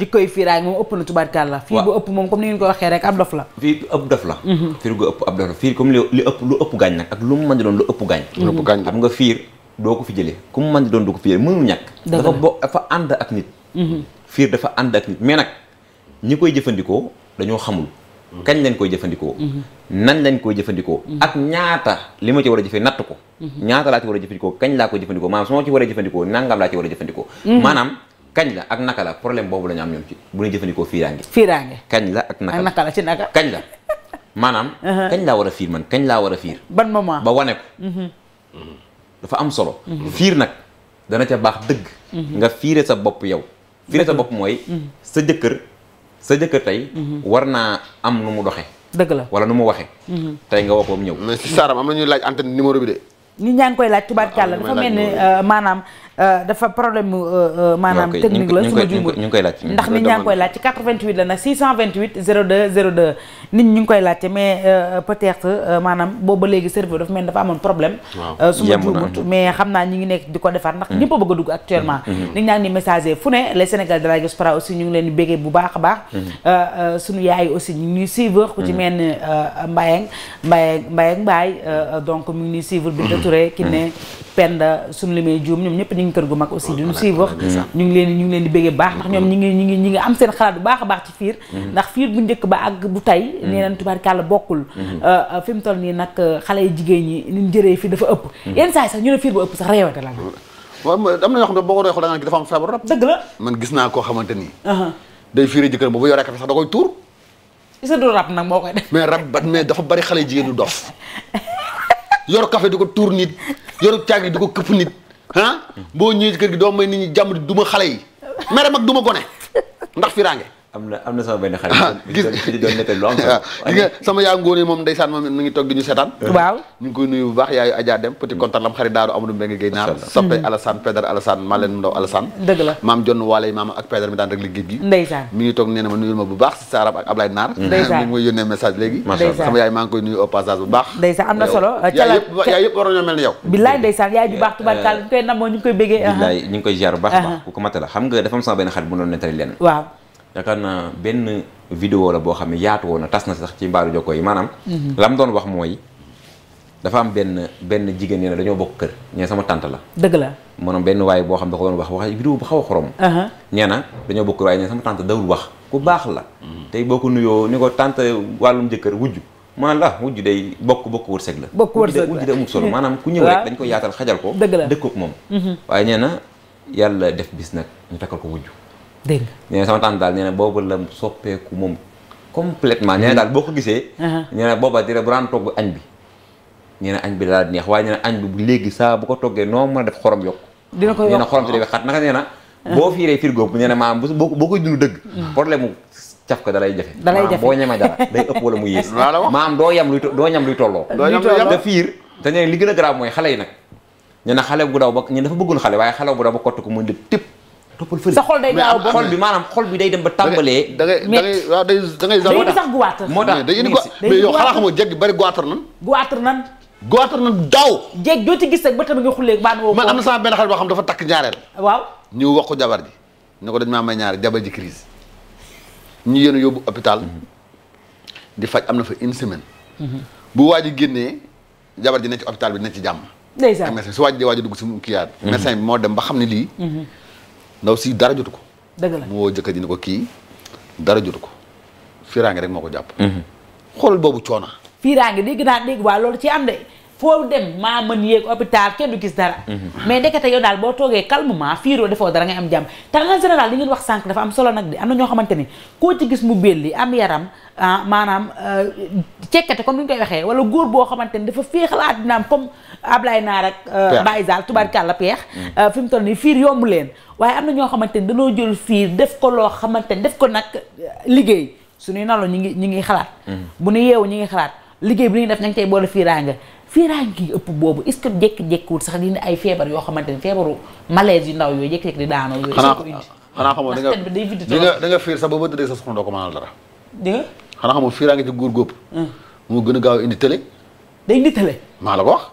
jikkoy firaange moom ëpp na tubaarkàlla fii bu ëpp moom comme ni ngeen ko waxee rek ab dof la fiir gu ëpp dof la mhm. fiir comme li ëpp lu ëpp gaañ nag ak lu mu mën doon lu ëpp gaañ xam nga fiir doo ko fi ku mu mën doon du ko fi mënul ñàkk dafa bo dafa ànd ak nit mhm. fiir dafa ànd ak nit mais nag ñi koy jëfandikoo dañoo xamul Mm-hmm. kañ lañ koy jëfandikoo mm-hmm. nan lañ koy jëfandikoo mm-hmm. ak ñaata li ma a jëfee natt ko a jëfandikoo kañ laa koy jëfandikoo maanaam su ma ci war a jëfandikoo nangam laa ci a jëfandikoo maanaam la ak naka la problème boobu la ñu am ñoom ci bu ñu fiiraange fiiraange kañ la ak naka la naka la ci naka kañ la maanaam uh-huh. kañ laa war a fiir man kañ la war a fiir ban ba wane ko dafa am solo fiir nag dana ca baax dëgg nga fiire sa bopp yow fiire sa bopp mooy sa jëkkër sa jëkka tey. Mhm. war naa am nu mu doxee. dëgg la wala nu mu waxee. Mhm. tey nga woo ko ñëw. mais si saaram am na ñuy laaj antenne numéro bi de. ñu ñaa ngi koy laaj tubaab kàlla dafa mel ni euh, maanaam Euh, dafa problème mu euh, euh, maanaam technique la su ma juumul ndax nit ñaa ngi koy laaj ci 88 la nag 628 02 02 nit ñi ngi koy laajte mais peut-être maanaam booba léegi serveur dafa mel dafa amoon problème su ma mais xam naa ñi ngi nekk di ko defar ndax mm. ñëpp a bëgg a dugg actuellement mm. Mm. nit ñaa ngi ni messager fu ne les Sénégalais de la diaspora aussi ñu ngi leen di béggee bu baax a baax suñu yaay aussi ñu ngi ñuy suivre ku ci mel ni Mbayang Mbayang Mbayang Mbaye donc mu ngi ñuy suivre Binta Touré Kiné Penda suñu ñoom ñëpp nañ kër gu mag aussi di ñu suivre ñu ngi leen ñu ngi leen di béggee baax ndax ñoom ñi ngi ñi ngi ñi ngi am seen xalaat bu baax a baax ci fiir mm-hmm. ndax fiir bu njëkk ba ak bu tey mm-hmm. nee nañ tubaarkàlla bokkul mm-hmm. euh, euh, fi mu toll nii nag euh, xale yi jigéen dafa am na da nga dafa am feebar rab dëgg la man gis naa koo xamante nii uh-huh. day fiire jëkkër ba bu yoree sax da koy tuur isa du rab nag ko këpp nit ah boo ñëwee kër gi doo may nit ñi jàmm duma xale yi mere mag duma gone ndax firaange am na am na sama benn xarit. Ah, ah, moom ndeysaan moom mi ngi toog di ñu seetaan. Eh. waaw ñu ngi koy nuyu bu baax yaayu Adja Dem petit naar mhm. ndeysaan mi ngi toog nee na bu baax si Saarab ak Ablaye Naar mhm. ndeysaan mi ngi koy nuyu au bu baax ndeysaan am na solo yaay yëpp waroon ñoo mel ni yow bilaay eh, ndeysaan yaay ju baax eh, tubaarkaal ñu koy namoo ñu ngi koy bégee bilaay ñu ngi koy ziar baax baax ku ko matal xam nga dafa am sama benn xarit bu doon nettali leen yaakaar naa benn vidéo la boo xam ne yaatu woon na tas na sax ci mbaaru jokko yi maanaam. lam doon wax mooy dafa am benn benn jigéen ñi ne dañoo bokk kër ñee sama tante la. dëgg la maanaam benn waaye boo xam da ko doon bu a xorom. ñee bokk kër waaye ñee sama tante wax ku baax la. tey boo ko nuyoo ni ko tante wàllum jëkkër wujj. maanaam la wujj day bokk bokk wërsëg la bokk wërsëg la wujj day amul solo maanaam ku ñëw dañ ko yaatal xajal ko dëgg la dëkkook moom mhm. waaye nee na yàlla def bis nag ñu takkal ko wujj dégg nga nee na sama tànt daal nee na boobu la soppeeku moom complètement nee na daal boo ko gisee uh-huh. nee na booba dina bu daan togg añ bi nee na añ bi daal neex a xorom si dafay xat naka nee uh-huh. boo fiiree firgo bu nee na maam doo yam luy tolloo da fiir te nee li gën a grave mooy xale yi nag ñu ne xale bu daw ba ñu dafa bëggoon xale waaye xale bu daw ba kott ko mu di tépp toppal fële sa xol day gaaw ba xol bi maanaam xol bi day dem ba tàmbalee. da ngay da ngay waaw day da ngay. day indi sax guwaatar moo tax day indi guwaatar mais yow xanaa xamoo jéggi bari guwaatar nan. guwaatar nan. guwaatar nan daaw. jéeg doo ci gis rek ba tamit nga xullee baan woo. man am na sama benn xale boo xam dafa takk ñaareel. waaw ñu wax ko jabar ji. ne ko dañ maa may ñaareel jabar ji crise ñu yéen yóbbu hôpital. di faj am na fa une semaine. bu waa ji génnee jabar ji ne ci hôpital bi ne ci jàmm. ndeysaan su waa ji dee waa ji dugg si kii yaat mhm. médecin bi moo dem ba xam ne lii mhm. ndaw si dara jot ko. dëgg la mu woo jëkkër ji ni ko kii dara jotu ko fiiraange rek moo ko jàpp. Mhm. xool boobu coona. fiiraange dégg naa dégg waa loolu ci am de foo dem maa mën yéeg hôpital kenn du gis dara. Mhm. mais ndekete yow daal boo toogee calmement fiiroo defoo dara ngay am jàmm te en général li ngeen wax sànq dafa am solo nag de am na ñoo xamante ni koo ci gis mu belli am yaram ah maanaam. Euh, cekkate comme ni ñu koy waxee wala góor boo xamante ni dafa féexalaat àddinaam comme Ablaye Naar ak euh, Baye Zal la peex fi mu toll nii fiir yomb leen waaye am na ñoo xamante ni dañoo jël fiir def ko loo xamante ni def ko nag euh, liggéey suñuy naloo ñu ngi ñu ngi xalaat mm. bu ñu yeewu ñu ngi xalaat liggéey bi ñu def nañ tey boole fiiraange fiiraange yi ëpp boobu est-ce que jékki-jékkiwul sax dina ay feebar yoo xamante ni feebaru malaise yu ndaw yooyu jékki-jékki di daanoo yooyu xanaa xanaa da nga da nga fiir sax ba ba tëddee sa soxna doo ko mënal dara di nga xanaa xamoo fiiraange ci góor góob mm. moo gën a gaaw indi tële day indi télé. maa la ko wax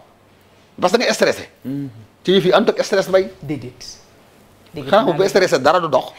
parce que nga stressé. ci mhm. yëf yi bay. déedéet. dégg nga xanaa dara du dox.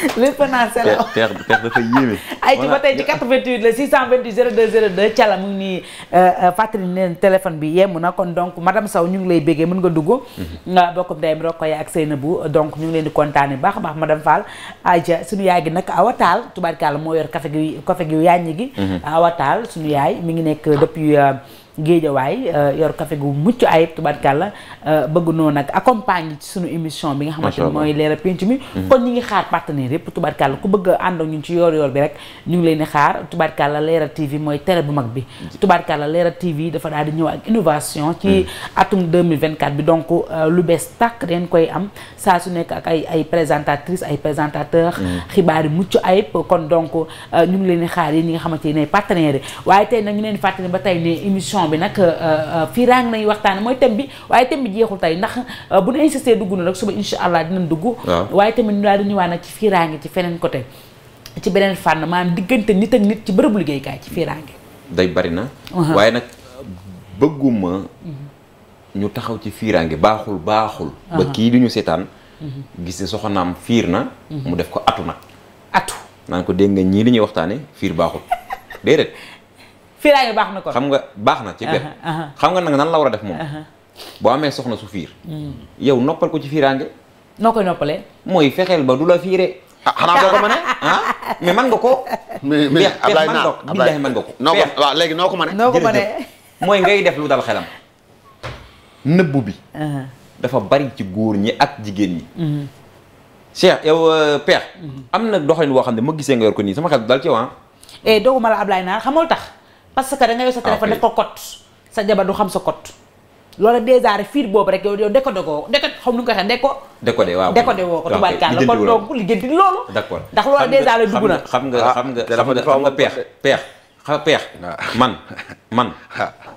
lépp naa selaw père père dafa yéeme. ay ci ba tey ci 88 la 628 0202 Thiala mu ngi nii euh, euh, fàttali ne leen téléphone bi yemm na kon donc madame saw ñu ngi lay béggee mën nga dugg. Mhm. nga bokk ndeyam Rokhaya ak Seynabou donc ñu ngi leen di kontaanee bu baax a baax madame Fall. ayca suñu yaay gi nag awataal Tall tubaarkalla moo yor kafe gi kafe gi yaaññi gi. Mhm. Awa suñu yaay mi ngi nekk depuis. Euh, géejawaay euh, yor café gu mucc ayib tubarkàlla euh, bëgg noonu nag accompagne ci sunu émission bi nga xamante ni mooy leeral penc mi mhm. kon ñi ngi xaar partenaire yëpp tubarkàlla ku bëgg ànd ak ñun ci yoor yoor bi rek ñu ngi leen di xaar tubarkàlla leeral tv mooy télé bu mag bi tubarkàlla leeral tv dafa daal di ñëw ak innovation ci mhm. atum 2024 bi donc euh, lu bees tàkk dañ koy am saa su nekk ak ay ay présentatrice ay présentateur mhm. xibaar yi mucc ayib kon donc ñu ngi leen di xaar ñi nga xamante ne partenaire yi waaye tey nag leen di ba tey ne émission émission bi nag euh, euh, fii raang nañu waxtaane mooy thème bi waaye thème bi jeexul tey ndax euh, bu ñu insisté dugg na nag suba insha allah dina dugg waaye tamit ñu daal di ñëwaat nag ci fii raange ci feneen côté ci beneen fànn maanaam diggante nit ak nit ci bërëbu liggéeykaay ci fii raange day bari na uh-huh. waaye nag bëgguma mm-hmm. ñu taxaw ci fiiraangi baaxul baaxul uh-huh. ba kii du seetaan mm-hmm. gis ne soxnaam fiir na mm-hmm. mu def ko atu nag atu naan ko dégg ñii li ñuy waxtaane fiir baaxul déedéet fiiraange baax na kon xam nga baax na ci benn uh-huh, uh-huh. xam nga nag nan la war a def moom uh-huh. boo amee soxna su fiir hmm. yow noppal ko ci fiiraange noo koy noppalee mooy fexeel ba du xanaa doo ko mënee ah nga ko. mais mais Ablaye naa Ablaye mën nga léegi noo ko mënee. noo ko mënee ngay def lu dal xelam. nëbbu bi. dafa bari ci góor ñi ak jigéen ñi. Cheikh yow euh, Père. am na doxalin boo xam ne ma gisee nga yor ko nii sama xel dal ci yow ah. Eh, la Ablaye naar xamul tax. parce que da nga sa téléphone ah, def ko code sa jabar du xam sa code loolu déjà rek fiir boobu rek yow yow décodé ko décodé xam nu ko waxee déco décodé waaw décodé woo ko tubaarkàlla kon donc liggéenti loolu d'accord ndax loolu déjà la dugg na xam nga xam nga ah, xam nga peex peex ah. man man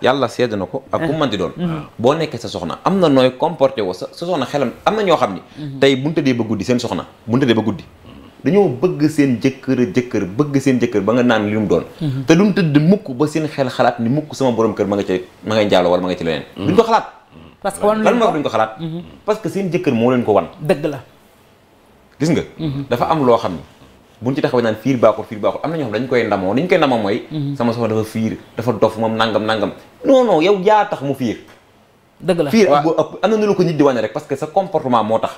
yàlla seede na ko ak ku mën di doon mm-hmm. boo nekkee sa soxna am na nooy comporté woo sa sa soxna xelam am na ñoo xam ni mm-hmm. tey bu ñu ba guddi seen soxna bu ñu ba guddi dañoo bëgg seen jëkkër jëkkër bëgg seen jëkkër ba nga naan li mu doon mhm. te mu tëdd mukk ba seen xel xalaat ni mukk sama borom kër ma nga ci ma nga njaalo wala ma nga ci leneen mhm. duñ ko xalaat que lan moo duñ ko mhm. que seen jëkkër moo leen ko wan la gis nga dafa am loo xam ni buñ ci taxawee naan fiir baaxul dañ koy ndamoo dañ koy ndamoo mooy sama soxna dafa fiir dafa dof moom nangam nangam non non yow yaa tax mu fiir dëgg na lu ko nit di wane rek parce que sa comportement moo tax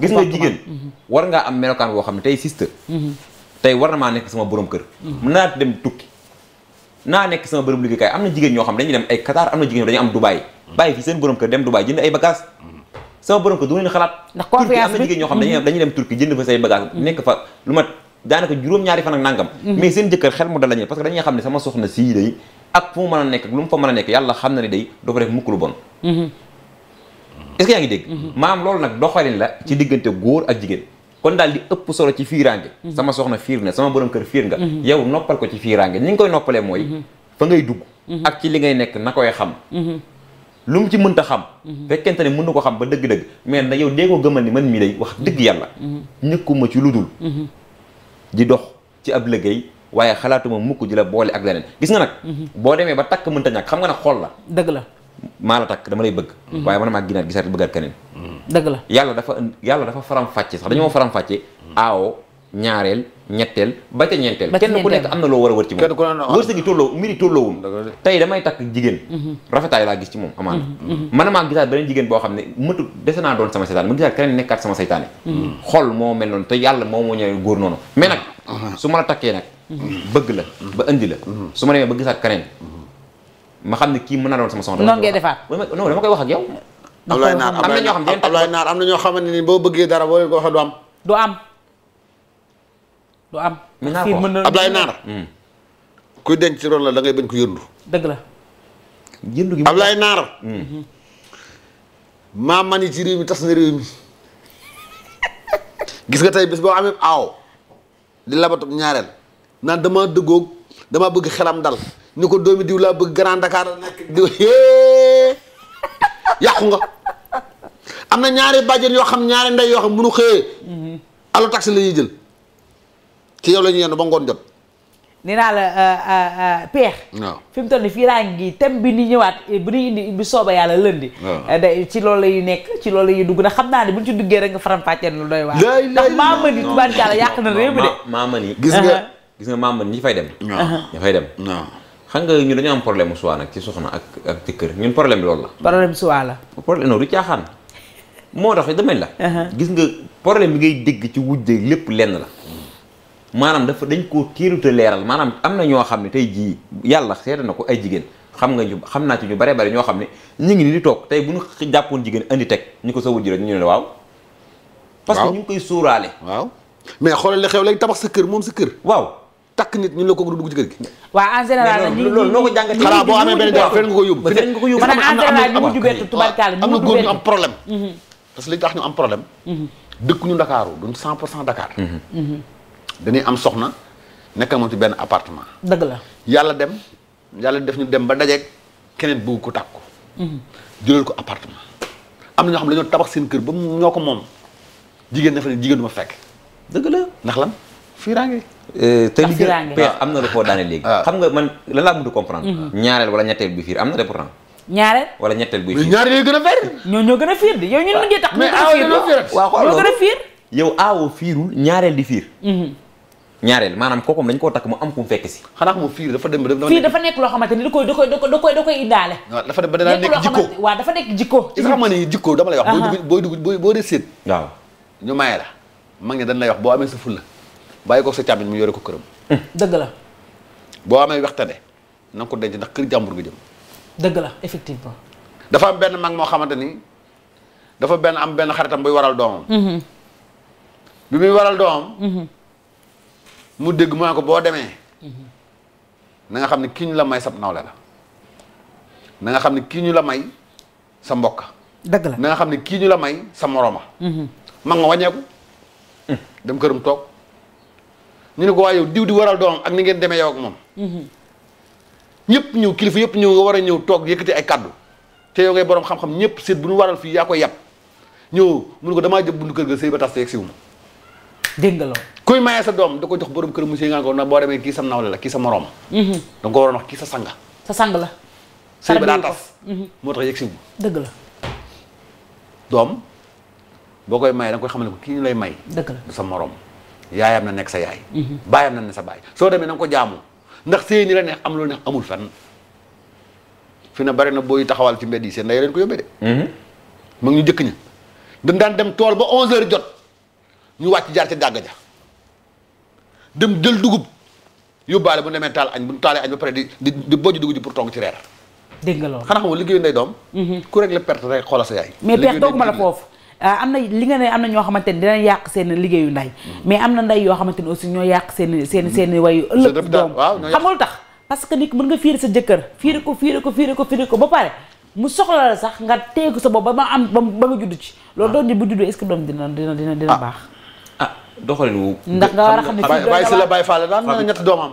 gis nga jigéen mhm. war ngaa am melokaan boo xam ne tey sister mhm. tey war na maa nekk sama borom kër mhm. mën naa dem tukki naa nekk sama borom xam dañuy dem ay Qatar am na jigéen dañu am Dubaay bàyyi fii seen borom kër dem Dubaay jënd du leen xalaat na jigéen ñoo xam ne dañuy dem Turki jënd fa say bagage nekk fa lu mat daanaka juróom-ñaari fan ak nangam mais seen jëkkër xel mu dal parce que dañuy xam ne sama soxna sii day ak fu mu mën a nekk lu mu fa mën a nekk yàlla xam ne day doo ko def mukk lu bon est-ce que yaa ngi dégg mhm. maam loolu nag doxalin la ci diggante góor ak jigéen kon daal di ëpp solo ci fiiraange mhm. sama soxna fiir na sama borom kër fiir nga mhm. yow noppal ko ci fiiraange ni nga koy noppalee mooy fa ngay dugg ak ci li ngay nekk na koy xam lu mu ci mënta xam fekkente ne mën na ko xam ba dëgg-dëgg mais na yow dee ko gëmal ni man mii day wax dëgg yàlla ñëkkuma ci lu dul di dox ci ab liggéey waaye xalaatuma mukk di la boole ak leneen gis nga boo demee ba takk mënta ñàkk xam nga ne xol la dëgg la maa la takk dama lay bëgg mhm. waaye man mhm. mhm. ba ca ñeenteel kenn ku nekk am na loo war a wër ci moom wërsëgi tolloo mbiri tolloowul tey damay takk jigéen rafetaay laa maa gisaat gisaat keneen nekkaat bëgg la ba indi la su ma demee ba gisaat keneen ma xam ne kii mën naa doon sama soxna. noonu ngay defaat non dama koy wax ak yow. Ablaye Naar am na ñoo xam ne Ablaye Naar ñoo xamante ni boo bëggee dara boo leen ko waxee du am. am mën naa ko Ablaye Naar. Hmm. kuy denc ci la da ngay bañ ko yëndu. dëgg la. yëndu gi Naar. Hmm. Hmm. maa man yi ci mi tas na réew mi gis nga tey bis boo amee aaw di labatub ñaareel naan dama dëggoog dama bëgg xelam dal. ni ko doomi diw laa bëgg Grand Dakar di hee yàqu nga am na ñaari bàjjen yoo xam ñaari ndey yoo xam bu nu xëyee allo taxi la ñuy jël ci yow la ñuy yenn ba ngoon jot nee naa la euh, euh, euh, peex waaw fi mu toll nii fii rang gi thème bi ni ñëwaat bu ñuy indi bi sooba yàlla lëndi day ci loolu la nekk ci loolu la yu dugg na xam naa ne bu ñu ci duggee rek nga faram-fàcceel lu doy waar ndax maamani tubaab yàlla yàq na réew mi de maamani gis nga uh-huh. maamani ñi fay dem ña fay dem xam nga ñu dañoo am problème mu suwaa nag ci soxna ak ak jëkkër ñun problème bi loolu la. problème mu suwaa la. problème du caaxaan moo tax damañ la. gis nga problème bi ngay dégg ci wujje lépp lenn la. maanaam dafa dañ ko kiirute leeral maanaam am na ñoo xam ne tey jii yàlla seeta na ko ay jigéen xam nga ñu xam naa ci ñu bare bare ñoo xam ne ñu ngi ni di toog tey bu ñu jàppoon jigéen indi teg ñu ko sa wujj rek ñu ne la waaw. parce que ñu ngi koy suuraale waaw mais xoolal li xew léegi sa kër moom sa kër. waaw. takk nit ñu la ko dugg ci kër gi. waaw en général ñi loolu noo ko jàngatee. amee benn def fenn na góor mhm. ñu am problème. Mhm. Mhm. parce la yàlla dem yàlla def ñu dem ba dajeeg keneen bëgg ko tàkk ko. jëlal ko appartement. am na ñoo xam ne dañoo tabax seen kër ba ñoo ko moom na fa ne jigéen du ma fekk. dëgg Euh, te li gën peex am na lu koo ah. nga man lan laa mënut comprendre mhm. wala ñetteel bi fiir am na de pourtant ñaareel wala ñetteel buy fiir a ñoo ñoo gën a di yow ñun mujjee tax mais aaw ñoo gën a fiir yow aawo fiirul ñaareel di fiir mhm. ñaareel koo takk mu am ku mu fekk si xanaa mu fiir dafa dem fiir nekk loo xamante ne da koy da koy da koy da koy indaale waaw dafa dem ba daa nekk jikko waaw dafa nekk jikko xam nga jikko dama lay wax booy dugg boo dee séet waaw ñu maye la mag ñi dañ lay wax boo amee sa fulla bàyyi ko sa càmmiñ mu yore ko këram. dëgg la. boo amee waxtaane na ko denc ndax kër jàmbur nga jëm. dëgg la effectivement. dafa am benn mag moo xamante ni dafa benn am benn xaritam buy waral doomam. Mhm. bi muy waral doomam. Mhm. mu dégg mu ne ko boo demee. Mhm. nanga xam ne kii ñu la may sab nawle la. xam ne kii la may sa mbokk. dëgg la na xam ne kii ñu la may sa moroma. mag nga wàññeeku. Mm. dem këram toog. ñu ne ko waaye yow diw di waral doomam ak ni ngeen demee yow ak moom. ñëpp ñëw kilifa yëpp ñëw nga war a ñëw toog yëkkati ay kaddu te yow ngay borom xam-xam ñëpp seet bu ñu waral fii yaa koy yab ñëw mu ne ko damaa jëb bundu kër ga sëy ba tas te yegsiwu ma. sa doom da ko jox borom kër monsieur Ngango na boo kii sa nawle la kii sa moroom. Mhm. da nga ko sa sang. sa sang la. sëy ba daa tas mhm. moo tax yegsiwu ma. dëgg la. doom boo koy maye da koy xamal ne ko kii ñu lay may. dëgg la sa moroom. yaayam na nekk sa yaay. Mhm. baayam na ne sa baay soo demee na ko jaamu ndax seen la neex am lu neex amul fenn fi na bari na booy taxawal ci mbedd yi seen ndey leen ko yóbbee de. mu mhm. ngi ñu jëkk ña dañ daan dem tool ba 11h jot ñu wàcc jaar ca dàgga ja dem jël dugub yóbbaale bu demee taal añ bu ñu taalee añ ba pare di di di bojj dugub ji pour tong ci reer. dégg nga loolu xanaa xam nga liggéeyu ndey doom. Mhm. ku rek la perte rek xoolal sa yaay. mais perte dooguma la foofu. Euh, am na li nga ne am na ñoo xamante ni dinañ yàq seen liggéeyu nday mm-hmm. mais am na nday yoo xamante ni aussi ñoo yàq seen seen seen mm-hmm. wayu ëllëg doom xam nga lu tax parce que nit mën nga fiir sa jëkkër fiir ko fiir ko fiir ko fiir ko ba pare mu soxla la sax nga teeku sa bopp ba ma am ba nga judd ci loolu ah. doon di bu juddoo est-ce que doom dina dina dina ah. baax ah doxalin wu ndax nga war a xam ne bàyyi si la bàyyi faale daan na ñetti doomam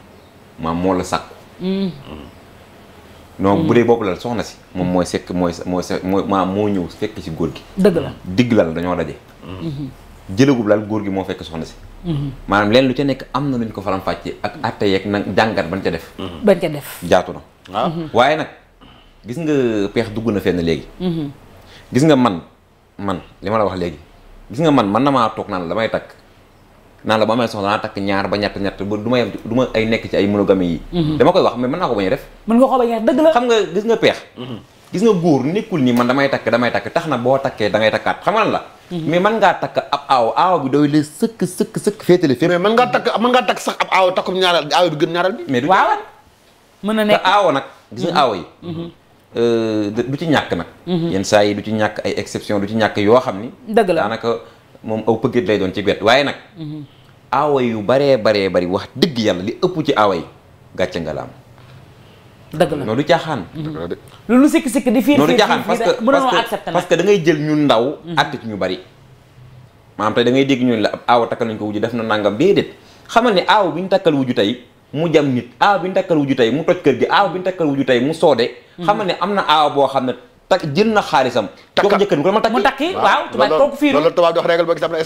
maam moo la sàkku donc mm. mm. bu dee boobu lal soxna si moom mooy sekk mooy mooy moo maam moo ñëw fekk si góor gi dëgg la digg lal dañoo daje mm-hmm. Mm-hmm. jëlagub lal góor gi moo fekk soxna si mm-hmm. maanaam leen lu ca nekk am na luñ ko faram fàccee ak atte yeeg nag jàngat ban ca def ban ca def jaatu na ah. waaye nag gis nga peex dugg na fenn léegi gis nga man man li ma la wax léegi gis nga man man na maa toog naan la damay takk naan la bu amee soxna naa takk ñaar ba ñett ñett ba du ma du ma ay nekk ci ay monogamie yi mhm. dama koy wax mais mën naa ko bañ a def mën nga ko bañ a def dëgg la xam nga gis nga peex mhm. gis nga góor nekkul ni man damay takk damay takk tax na boo takkee da ngay takkaat xam nga lan la mhm. mais mën ngaa takk ab aaw aaw bi doy la sëkk sëkk sëkk féetale fépp mais mën ngaa takk mën ngaa takk sax ab aaw takkum ñaareel aaw bi gën ñaareel bi mais du waaw mën na nekk aaw nag gis nga aaw yi euh, du ci ñàkk nag yenn saa yi du ci ñàkk ay exception du ci ñàkk yoo xam ni dëgg la daanaka moom aw pëggit lay doon ci wet waaye nag mhm. aawa yu baree baree bari wax dëgg yàlla li ëpp ci aawa yi gàcc nga la am dëgg la noonu caaxaan lu sikk sikk di fii noonu caaxaan parce que parce que da jël ñu ndaw mhm. àtt ci ñu bari maanaam tey da ngay dégg ñu la ab aawa takkal nañ ko wujju def na nangam déedéet xamal ne aaw bi ñu takkal wujju tey mu jam nit aaw bi ñu takkal wujju tey mu toj kër gi aaw bi ñu takkal wujju tey mu soode mhm. xamal ne am na aaw boo xam ne takk jël na xaalisam. takka jox ko mu takki waaw. tubaab kooku règle ba gis am la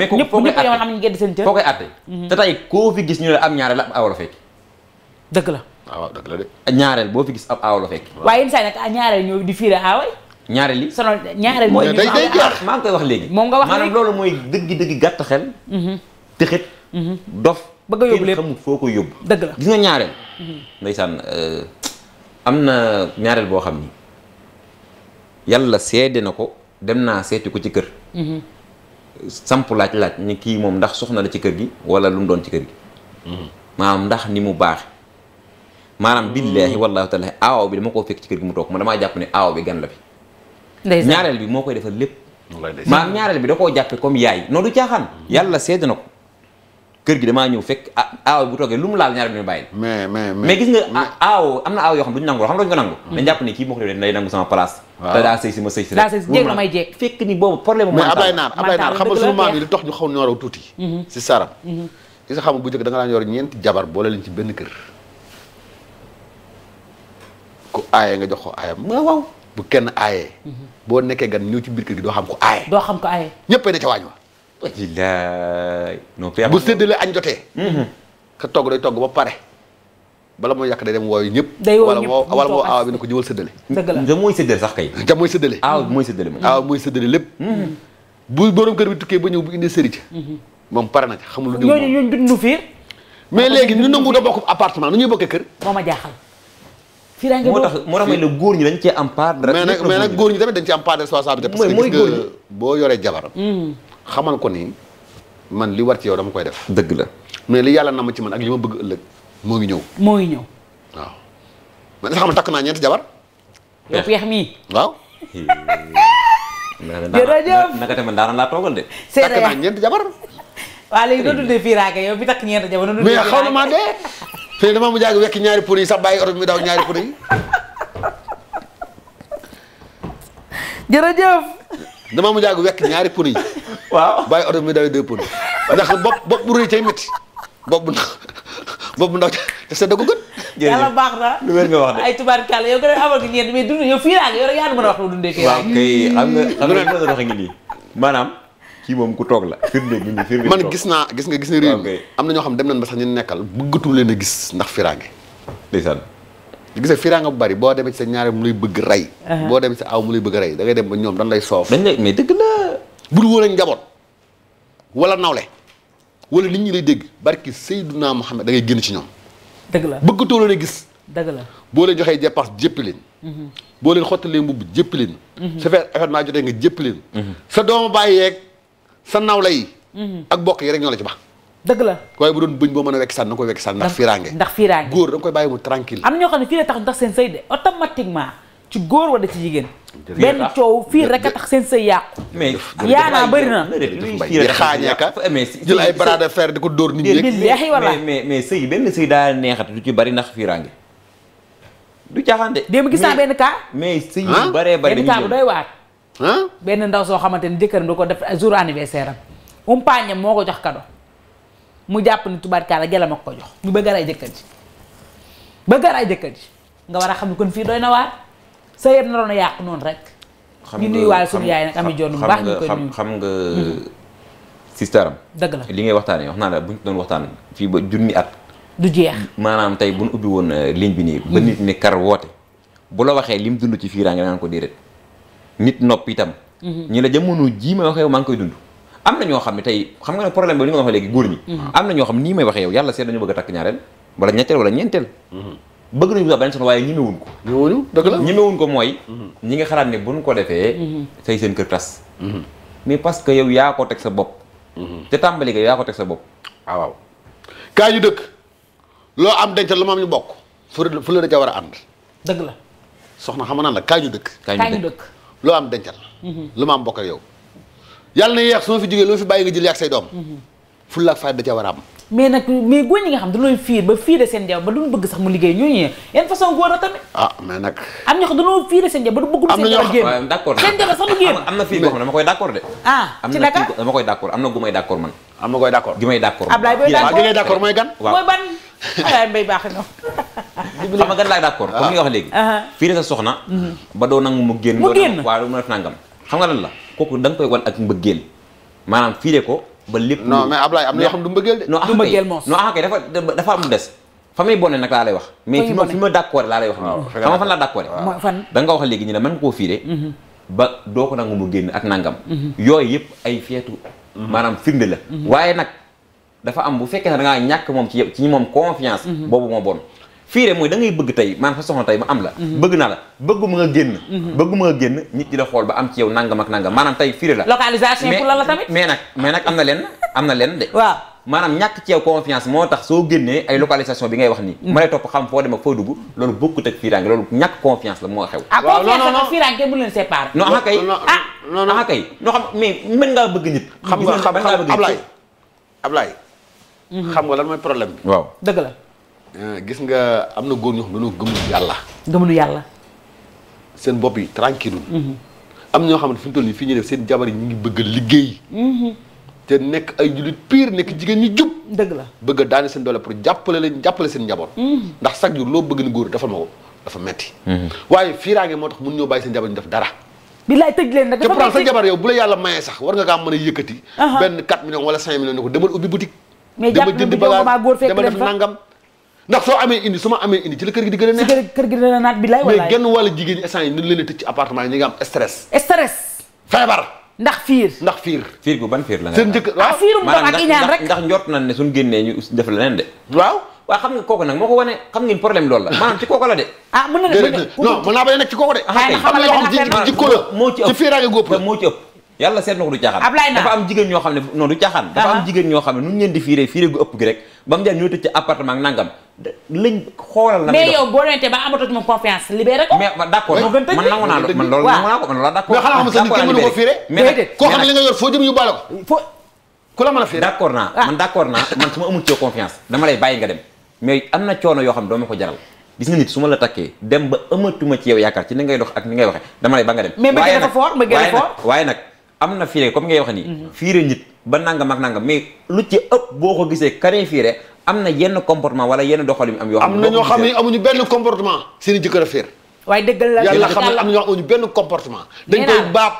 ñëpp ñëpp yow am ñu gedd seen cër foo koy àtte mhm. te tey koo fi ñaareel la am aawala fekk. dëgg boo fi gis am aawala fekk. waaye yenn saa yi nag ah, ñaareel ñoo di fiire aaway. ñaareel yi sonal ñaareel. mooy day day jeex maa ngi koy wax léegi. moom nga wax léegi maanaam loolu mooy dëgg dëgg gàtt xel. Mhm. tëxit. Mhm. dof. a yóbbu lépp xamul foo koy yóbbu. dëgg la gis nga ñaareel. ndeysaan euh, am na ñaareel boo xam ni yàlla seede na ko dem naa seeti ko ci kër mhm. samp laaj-laaj ni kii moom ndax soxna la ci kër gi wala lu mu doon ci kër gi mhm. maanaam ndax ni mu baax maanaam mhm. billaahi wallaahi taala aaw bi dama koo fekk ci kër gi mu toog ma damaa jàpp ni aaw bi gan la bi ñaareel bi moo koy defal lépp maanaam ñaareel bi da koo jàppe comme yaay non du caaxaan yàlla sedd na ko kër gi damaa ñëw fekk aaw bu toogee lu mu laal ñaari ñu bàyyi mais nga aaw am na aaw yoo xam duñu nangu xam duñu ko nangu dañ hmm. jàpp ne kii moo ko def day nangu sama place te daa sëy si ma sëy si rek jéeg la may nga suñu maam yi li tax mm-hmm. mm-hmm. xam bu njëkk da nga daan yor ñeenti jabar boole leen ci benn kër ku aaye nga jox ko aaye mm-hmm. boo nekkee gan ñëw ci biir kër gi doo xam ko aaye doo xam waañ wa bilaay non père bu séddalee añ jotee. Mhm. ka togg day togg ba pare. bala moo yàq day dem wooyu ñëpp. day wooyu ñëpp wala moo wala moo aaw bi ne ko ñëwal séddale. dëgg la nga mooy séddale sax kay. nga mooy séddale. aaw mooy séddale moom. aaw mooy séddale lépp. Mhm. bu borom kër bi tukkee ba ñëw bu indi sëriñ. Mhm. moom pare na xamul lu déglu moom ñooñu ñooñu dundu mais léegi ñu nangu da bokk appartement nu ñuy bokkee kër. moo ma jaaxal. fii daa ngi moo tax moo tax may la góor ñi dañ cee am part. mais nag mais nag góor ñi tamit dañ ci am part de responsabilité. mooy mooy góor ñi parce que gis nga boo yoree jabar xamal ko ni man li war ci yow dama koy def. dëgg la mais li yàlla na ma ci man ak li ma bëgg ëllëg moo ngi ñëw. moo ngi ñëw. waaw man sax xam takk naa ñeenti jabar. yow eh. peex mii waaw. Hmm. a naka tamit daanaka laa toogal de. takk naa ñeenti jabar. waa léegi doo dundee fii raake yow bi takk ñeenti jabar doo dundee mais xaw na maa dee. fii damaa mu jaag wekki ñaari pono yi sax bàyyi oto mi daw ñaari pono yi. jërëjëf. dama mu jaagu wekk ñaari pono yi. waaw bàyyi oto bi dawee deux pono ndax bopp bopp bu rëy tey métti bopp bu ndaw baax na lu wér nga wax de ay tubaarkàlla yow gën a amal ko ñeent mais a wax lu dundee. kay waaw kay a wax ngi nii maanaam kii moom ku toog la firnde gi nii firnde man gis naa gis nga gis na réew am na ñoo xam dem nañ ba sax ñu nekkal bëggatul leen a gis ndax firaange ndeysaan gis nga fiiraanga bu bari boo demee ci sa ñaare mu lay bëgg rey uh-huh. boo demee ci sa aw mu lay bëgg rey da ngay dem ba ñoom dan lay soof dañ lay mais dëgg la bul njaboot wala nawle wala nit ñi lay dégg barki Seydunaa Muhammad da ngay génn ci ñoom dëgg la bëggatoo leen a gis dëgg la boo leen joxee dépense jéppi leen mm-hmm. boo leen xottalee mbubb jéppi leen mm-hmm. su fekk événement jotee nga jéppi leen mm-hmm. sa doomu bàyyi yeeg sa nawle yi ak bokk yi rek ñoo la ci ba dëgg la waaye bu doon bëñ boo mën a wekk sànn na koy wekk sànn ndax firange ndax firange góor da nga koy bàyyi mu tranquille am na ñoo xam ne fii tax seen sëy de automatiquement ci jigéen benn ah. coow fii rek a tax seen sëy yàqu mais yaanaa bëri na di xaañeeka jël ay bras de fer di ko dóor nit ñi billahi wala mais mais sëy benn sëy daa neexat du ci bari ndax firange du caaxaan de démb gis naa benn cas mais sëy yu baree bari benn cas bu doy waar benn ndaw soo xamante ne jëkkëram da ko def jour anniversaire am umpaañam moo ko jox cadeau mu jàpp ni tubaarkaala gelam ak ko jox ñu bëgg ray jëkkër ji bëgg ray jëkkër ji nga war a xam ne kon fii doy na waar sa yëpp naroon a yàq noonu rek. ñu nuyuwaale suñu yaay nag ami joon bu baax ñu xam nga mm-hmm. sistaram dëgg la li ngay waxtaanee wax naa la buñ doon waxtaan fii ba junni at. du jeex maanaam tey bu nu ubbi woon euh, ligne bi nii. ba mm-hmm. nit ni kar woote. bu la waxee lim dund ci fiiraange naan ko déedéet nit nopp itam. ñi mm-hmm. la jëm jamono jii ma waxee maa ngi koy dund. am na ñoo xam ne tey xam nga nag problème bi ni nga waxee léegi góor ñi mm-hmm. am na ñoo xam nii may waxee yow yàlla seet dañu bëgg a takk ñaareel wala ñetteel wala ñeenteel mm-hmm. bëgg nañu ko benn soxna waaye ñemewuñ ko ñemewuñu dëgg la ñemewuñ ko mooy mm-hmm. ñi nga xalaat ne buñ ko defee say seen kër tas mais parce que yow yaa ko teg sa bopp te tàmbali yaa ko teg sa bopp ah, waaw dëkk loo am denc lu ma am bokk fu war a ànd dëgg la soxna xam naan la kaa ñu dëkk kaa ñu dëkk loo am dencal lu ma am bokk ak yow yàlla na yeex su ma fi jógee lu ma fi bàyyi nga jël yàq say doom fulla ak fayda da ca war a am mais nag mais góor ñi nga xam dañu fiir ba seen jabar bëgg sax mu liggéey ñooñu yenn façon góor a tamit ah mais nag am ñoo xam dañoo fiire seen jabar ba du bëggul am na fiir boo xam ne dama koy d'accord de ah ci naka am na gu may d'accord man am na koy d'accord gi may d'accord Ablaye booy d'accord gi ngay d'accord mooy gan mooy ban Ablaye Mbaye nga gan laa d'accord comme wax léegi ah. fiire sa soxna mhm. ba doo nangu mu génn mu génn waaw a mu def nangam xam nga lan la kooku da nga koy wan ak mbëggeel maanaam fiire ko ba lépp. non mais Ablaye am na yoo xam du mbëggeel de. Ah, du mbëggeel moos non ah, des. famille bonne nag laa lay wax. mais fi ma fi ma d'accord laa lay wax. xam nga fan laa da nga wax léegi ñu ne mën nga koo fiire. Mhm. ba doo ko nangu mu génn ak nangam. Mhm. yooyu yëpp ay feetu. Mhm. maanaam firnde la. waaye nag dafa am bu fekkee ne da ngaa ñàkk moom ci ci moom confiance. boobu moo bon. fii mooy da bëgg tey maanaam sa soxna tey ma am la mhm. bëgg naa la bëgguma nga génn mhm. bëgguma nga génn nit di la xool ba am ci yow nangam ak nangam maanaam tey fii la localisation pour la la tamit mais nag mais nag am na leen am na leen de waaw maanaam ñàkk ci yow confiance moo tax soo génnee ay localisation bi ngay wax nii mhm. ma lay topp xam foo dem ak foo dugg loolu bokkut ak fiiraange loolu ñàkk confiance la moo xew ah confiance ak fiiraange bu leen séparé non ah kay ah kay noo xam mais mën ngaa bëgg nit xam nga xam nga Ablaye Ablaye xam nga lan mooy problème bi waaw Eh, gis nga am na góor ñoo xam dañoo gëmul yàlla. gëmul yàlla. seen bopp yi tranquille mhm. am ñoo xam ne fi mu toll nii fii ñuy def seen jabar yi ñu ngi bëgg a liggéey. Mhm. te nekk ay jullit pire nekk jigéen ñi jub. dëgg la bëgg a daane seen doole pour jàppale leen jàppale seen njaboot. Mhm. ndax chaque jour loo bëgg ni góor defal ma ko dafa metti waaye moo tax mun def dara. bilaay tëj leen nag dafa metti sa jabar yow bu la yàlla mayee sax war nga kaa mën a yëkkati. benn 4 millions wala 5 millions ne ko demal ubbi boutique. mais jàpp na dama def nangam. ndax soo amee indi su ma amee indi ci la kër gi di gën a neex kër gi naat bi lay walaay mais genn wàllu jigéen ñi instant yi a tëj ci appartement yi ñu ngi am stress stress feebar ndax fiir ndax fiir fiir gu ban fiir la nga seen jëkk waaw ah, fiirum dox rek ndax njort nañ ne suñ génnee ñu def la leen de waaw waaw xam nga kook nag moo ko wane xam ngeen problème lool la maanaam ci kooku la de ah mën na non mën naa bañ a nekk ci kooku de ah, xam nga yoo moo ci ëpp ci moo ci ëpp yàlla seet na ko du caaxaan dafa am ne non du caaxaan dafa am ah. jigéen ñoo xam ne nu ñu leen di fiiree fiire gu ëpp gi ba mu jar ñoo tëj ci appartement ak nangam liñ xoolal la mais yow boo man loolu man loolu d'accord a fiire d'accord naa ah. man d'accord naa man su ma amul ci confiance dama lay bàyyi nga dem mais am na coono yoo xam doo ko jaral gis nga nit su ma la takkee dem ba amatuma ci yow yaakaar ci ni ngay dox ak ni ngay waxe dama lay ba nga dem mais bëgg dafa fort bëgg dafa fort waaye nag am na fiire comme ngay wax nii. Mhm. fiire nit ba nangam ak nangam mais lu ci ëpp boo ko gisee kanay fiire am na yenn comportement wala yenn doxalin am. yoo xam am ñoo xam ne amuñu benn comportement. seen jëkkër a fiir. benn comportement. dañ koy baab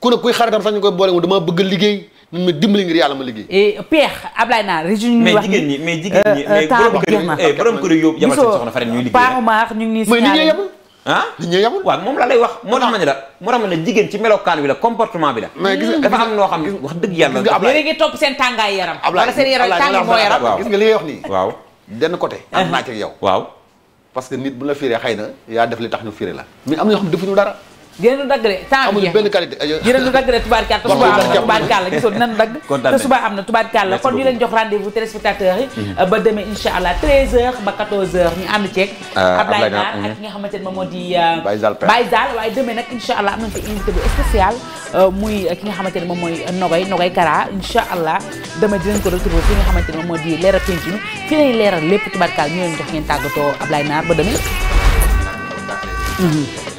ku ne kuy xaritam sax ñu koy boole dama bëgg liggéey. ñun ma dimbali ngir yàlla ma liggéey. Eh, peex Ablaye naa région ñu mais jigéen ñi mais jigéen euh, ñi. Euh, temps bi jeex na eh, borom kër yi borom kër ñuy liggéey. ñu ngi ah nit waaw moom la lay wax moo tax ma ne la moo tax ma ne jigéen ci melokaan bi la comportement bi la dafa am noo xam ne wax dëgg yàlla yéen a ngi topp seen tàngaay yaram wala seen yaram tàng moo yaram gis nga li ngay wax nii waaw benn côté am naa ci ak yow waaw parce que nit bu la firee xay na yaa def li tax ñu firee la mais am na ñoo xam defuñu dara dinañu dagg de temps bi benn qualité dinañu dagg de tubaarkàlla te suba am na tubaarkàlla gisoo dinañu dagg te suba am na tubaarkàlla kon ñu leen jox rendez-vous mhm. ba demee insha allah 13 ba 14h ñu ànd ceeg euh, Ablaye Naar ak mhm. ki nga xamante ne moom moo di euh, Baye Zal waaye demee nag insha allah am nañu fi invité euh, ki nga xamante ne moom mooy Nogay Nogay Kara insha allah demee dinañ ko retrouver fi nga xamante ne moom moo di leeral penc mi fi lay leeral lépp tubaarkàlla ñu leen jox ngeen tàggatoo Ablaye Naar ba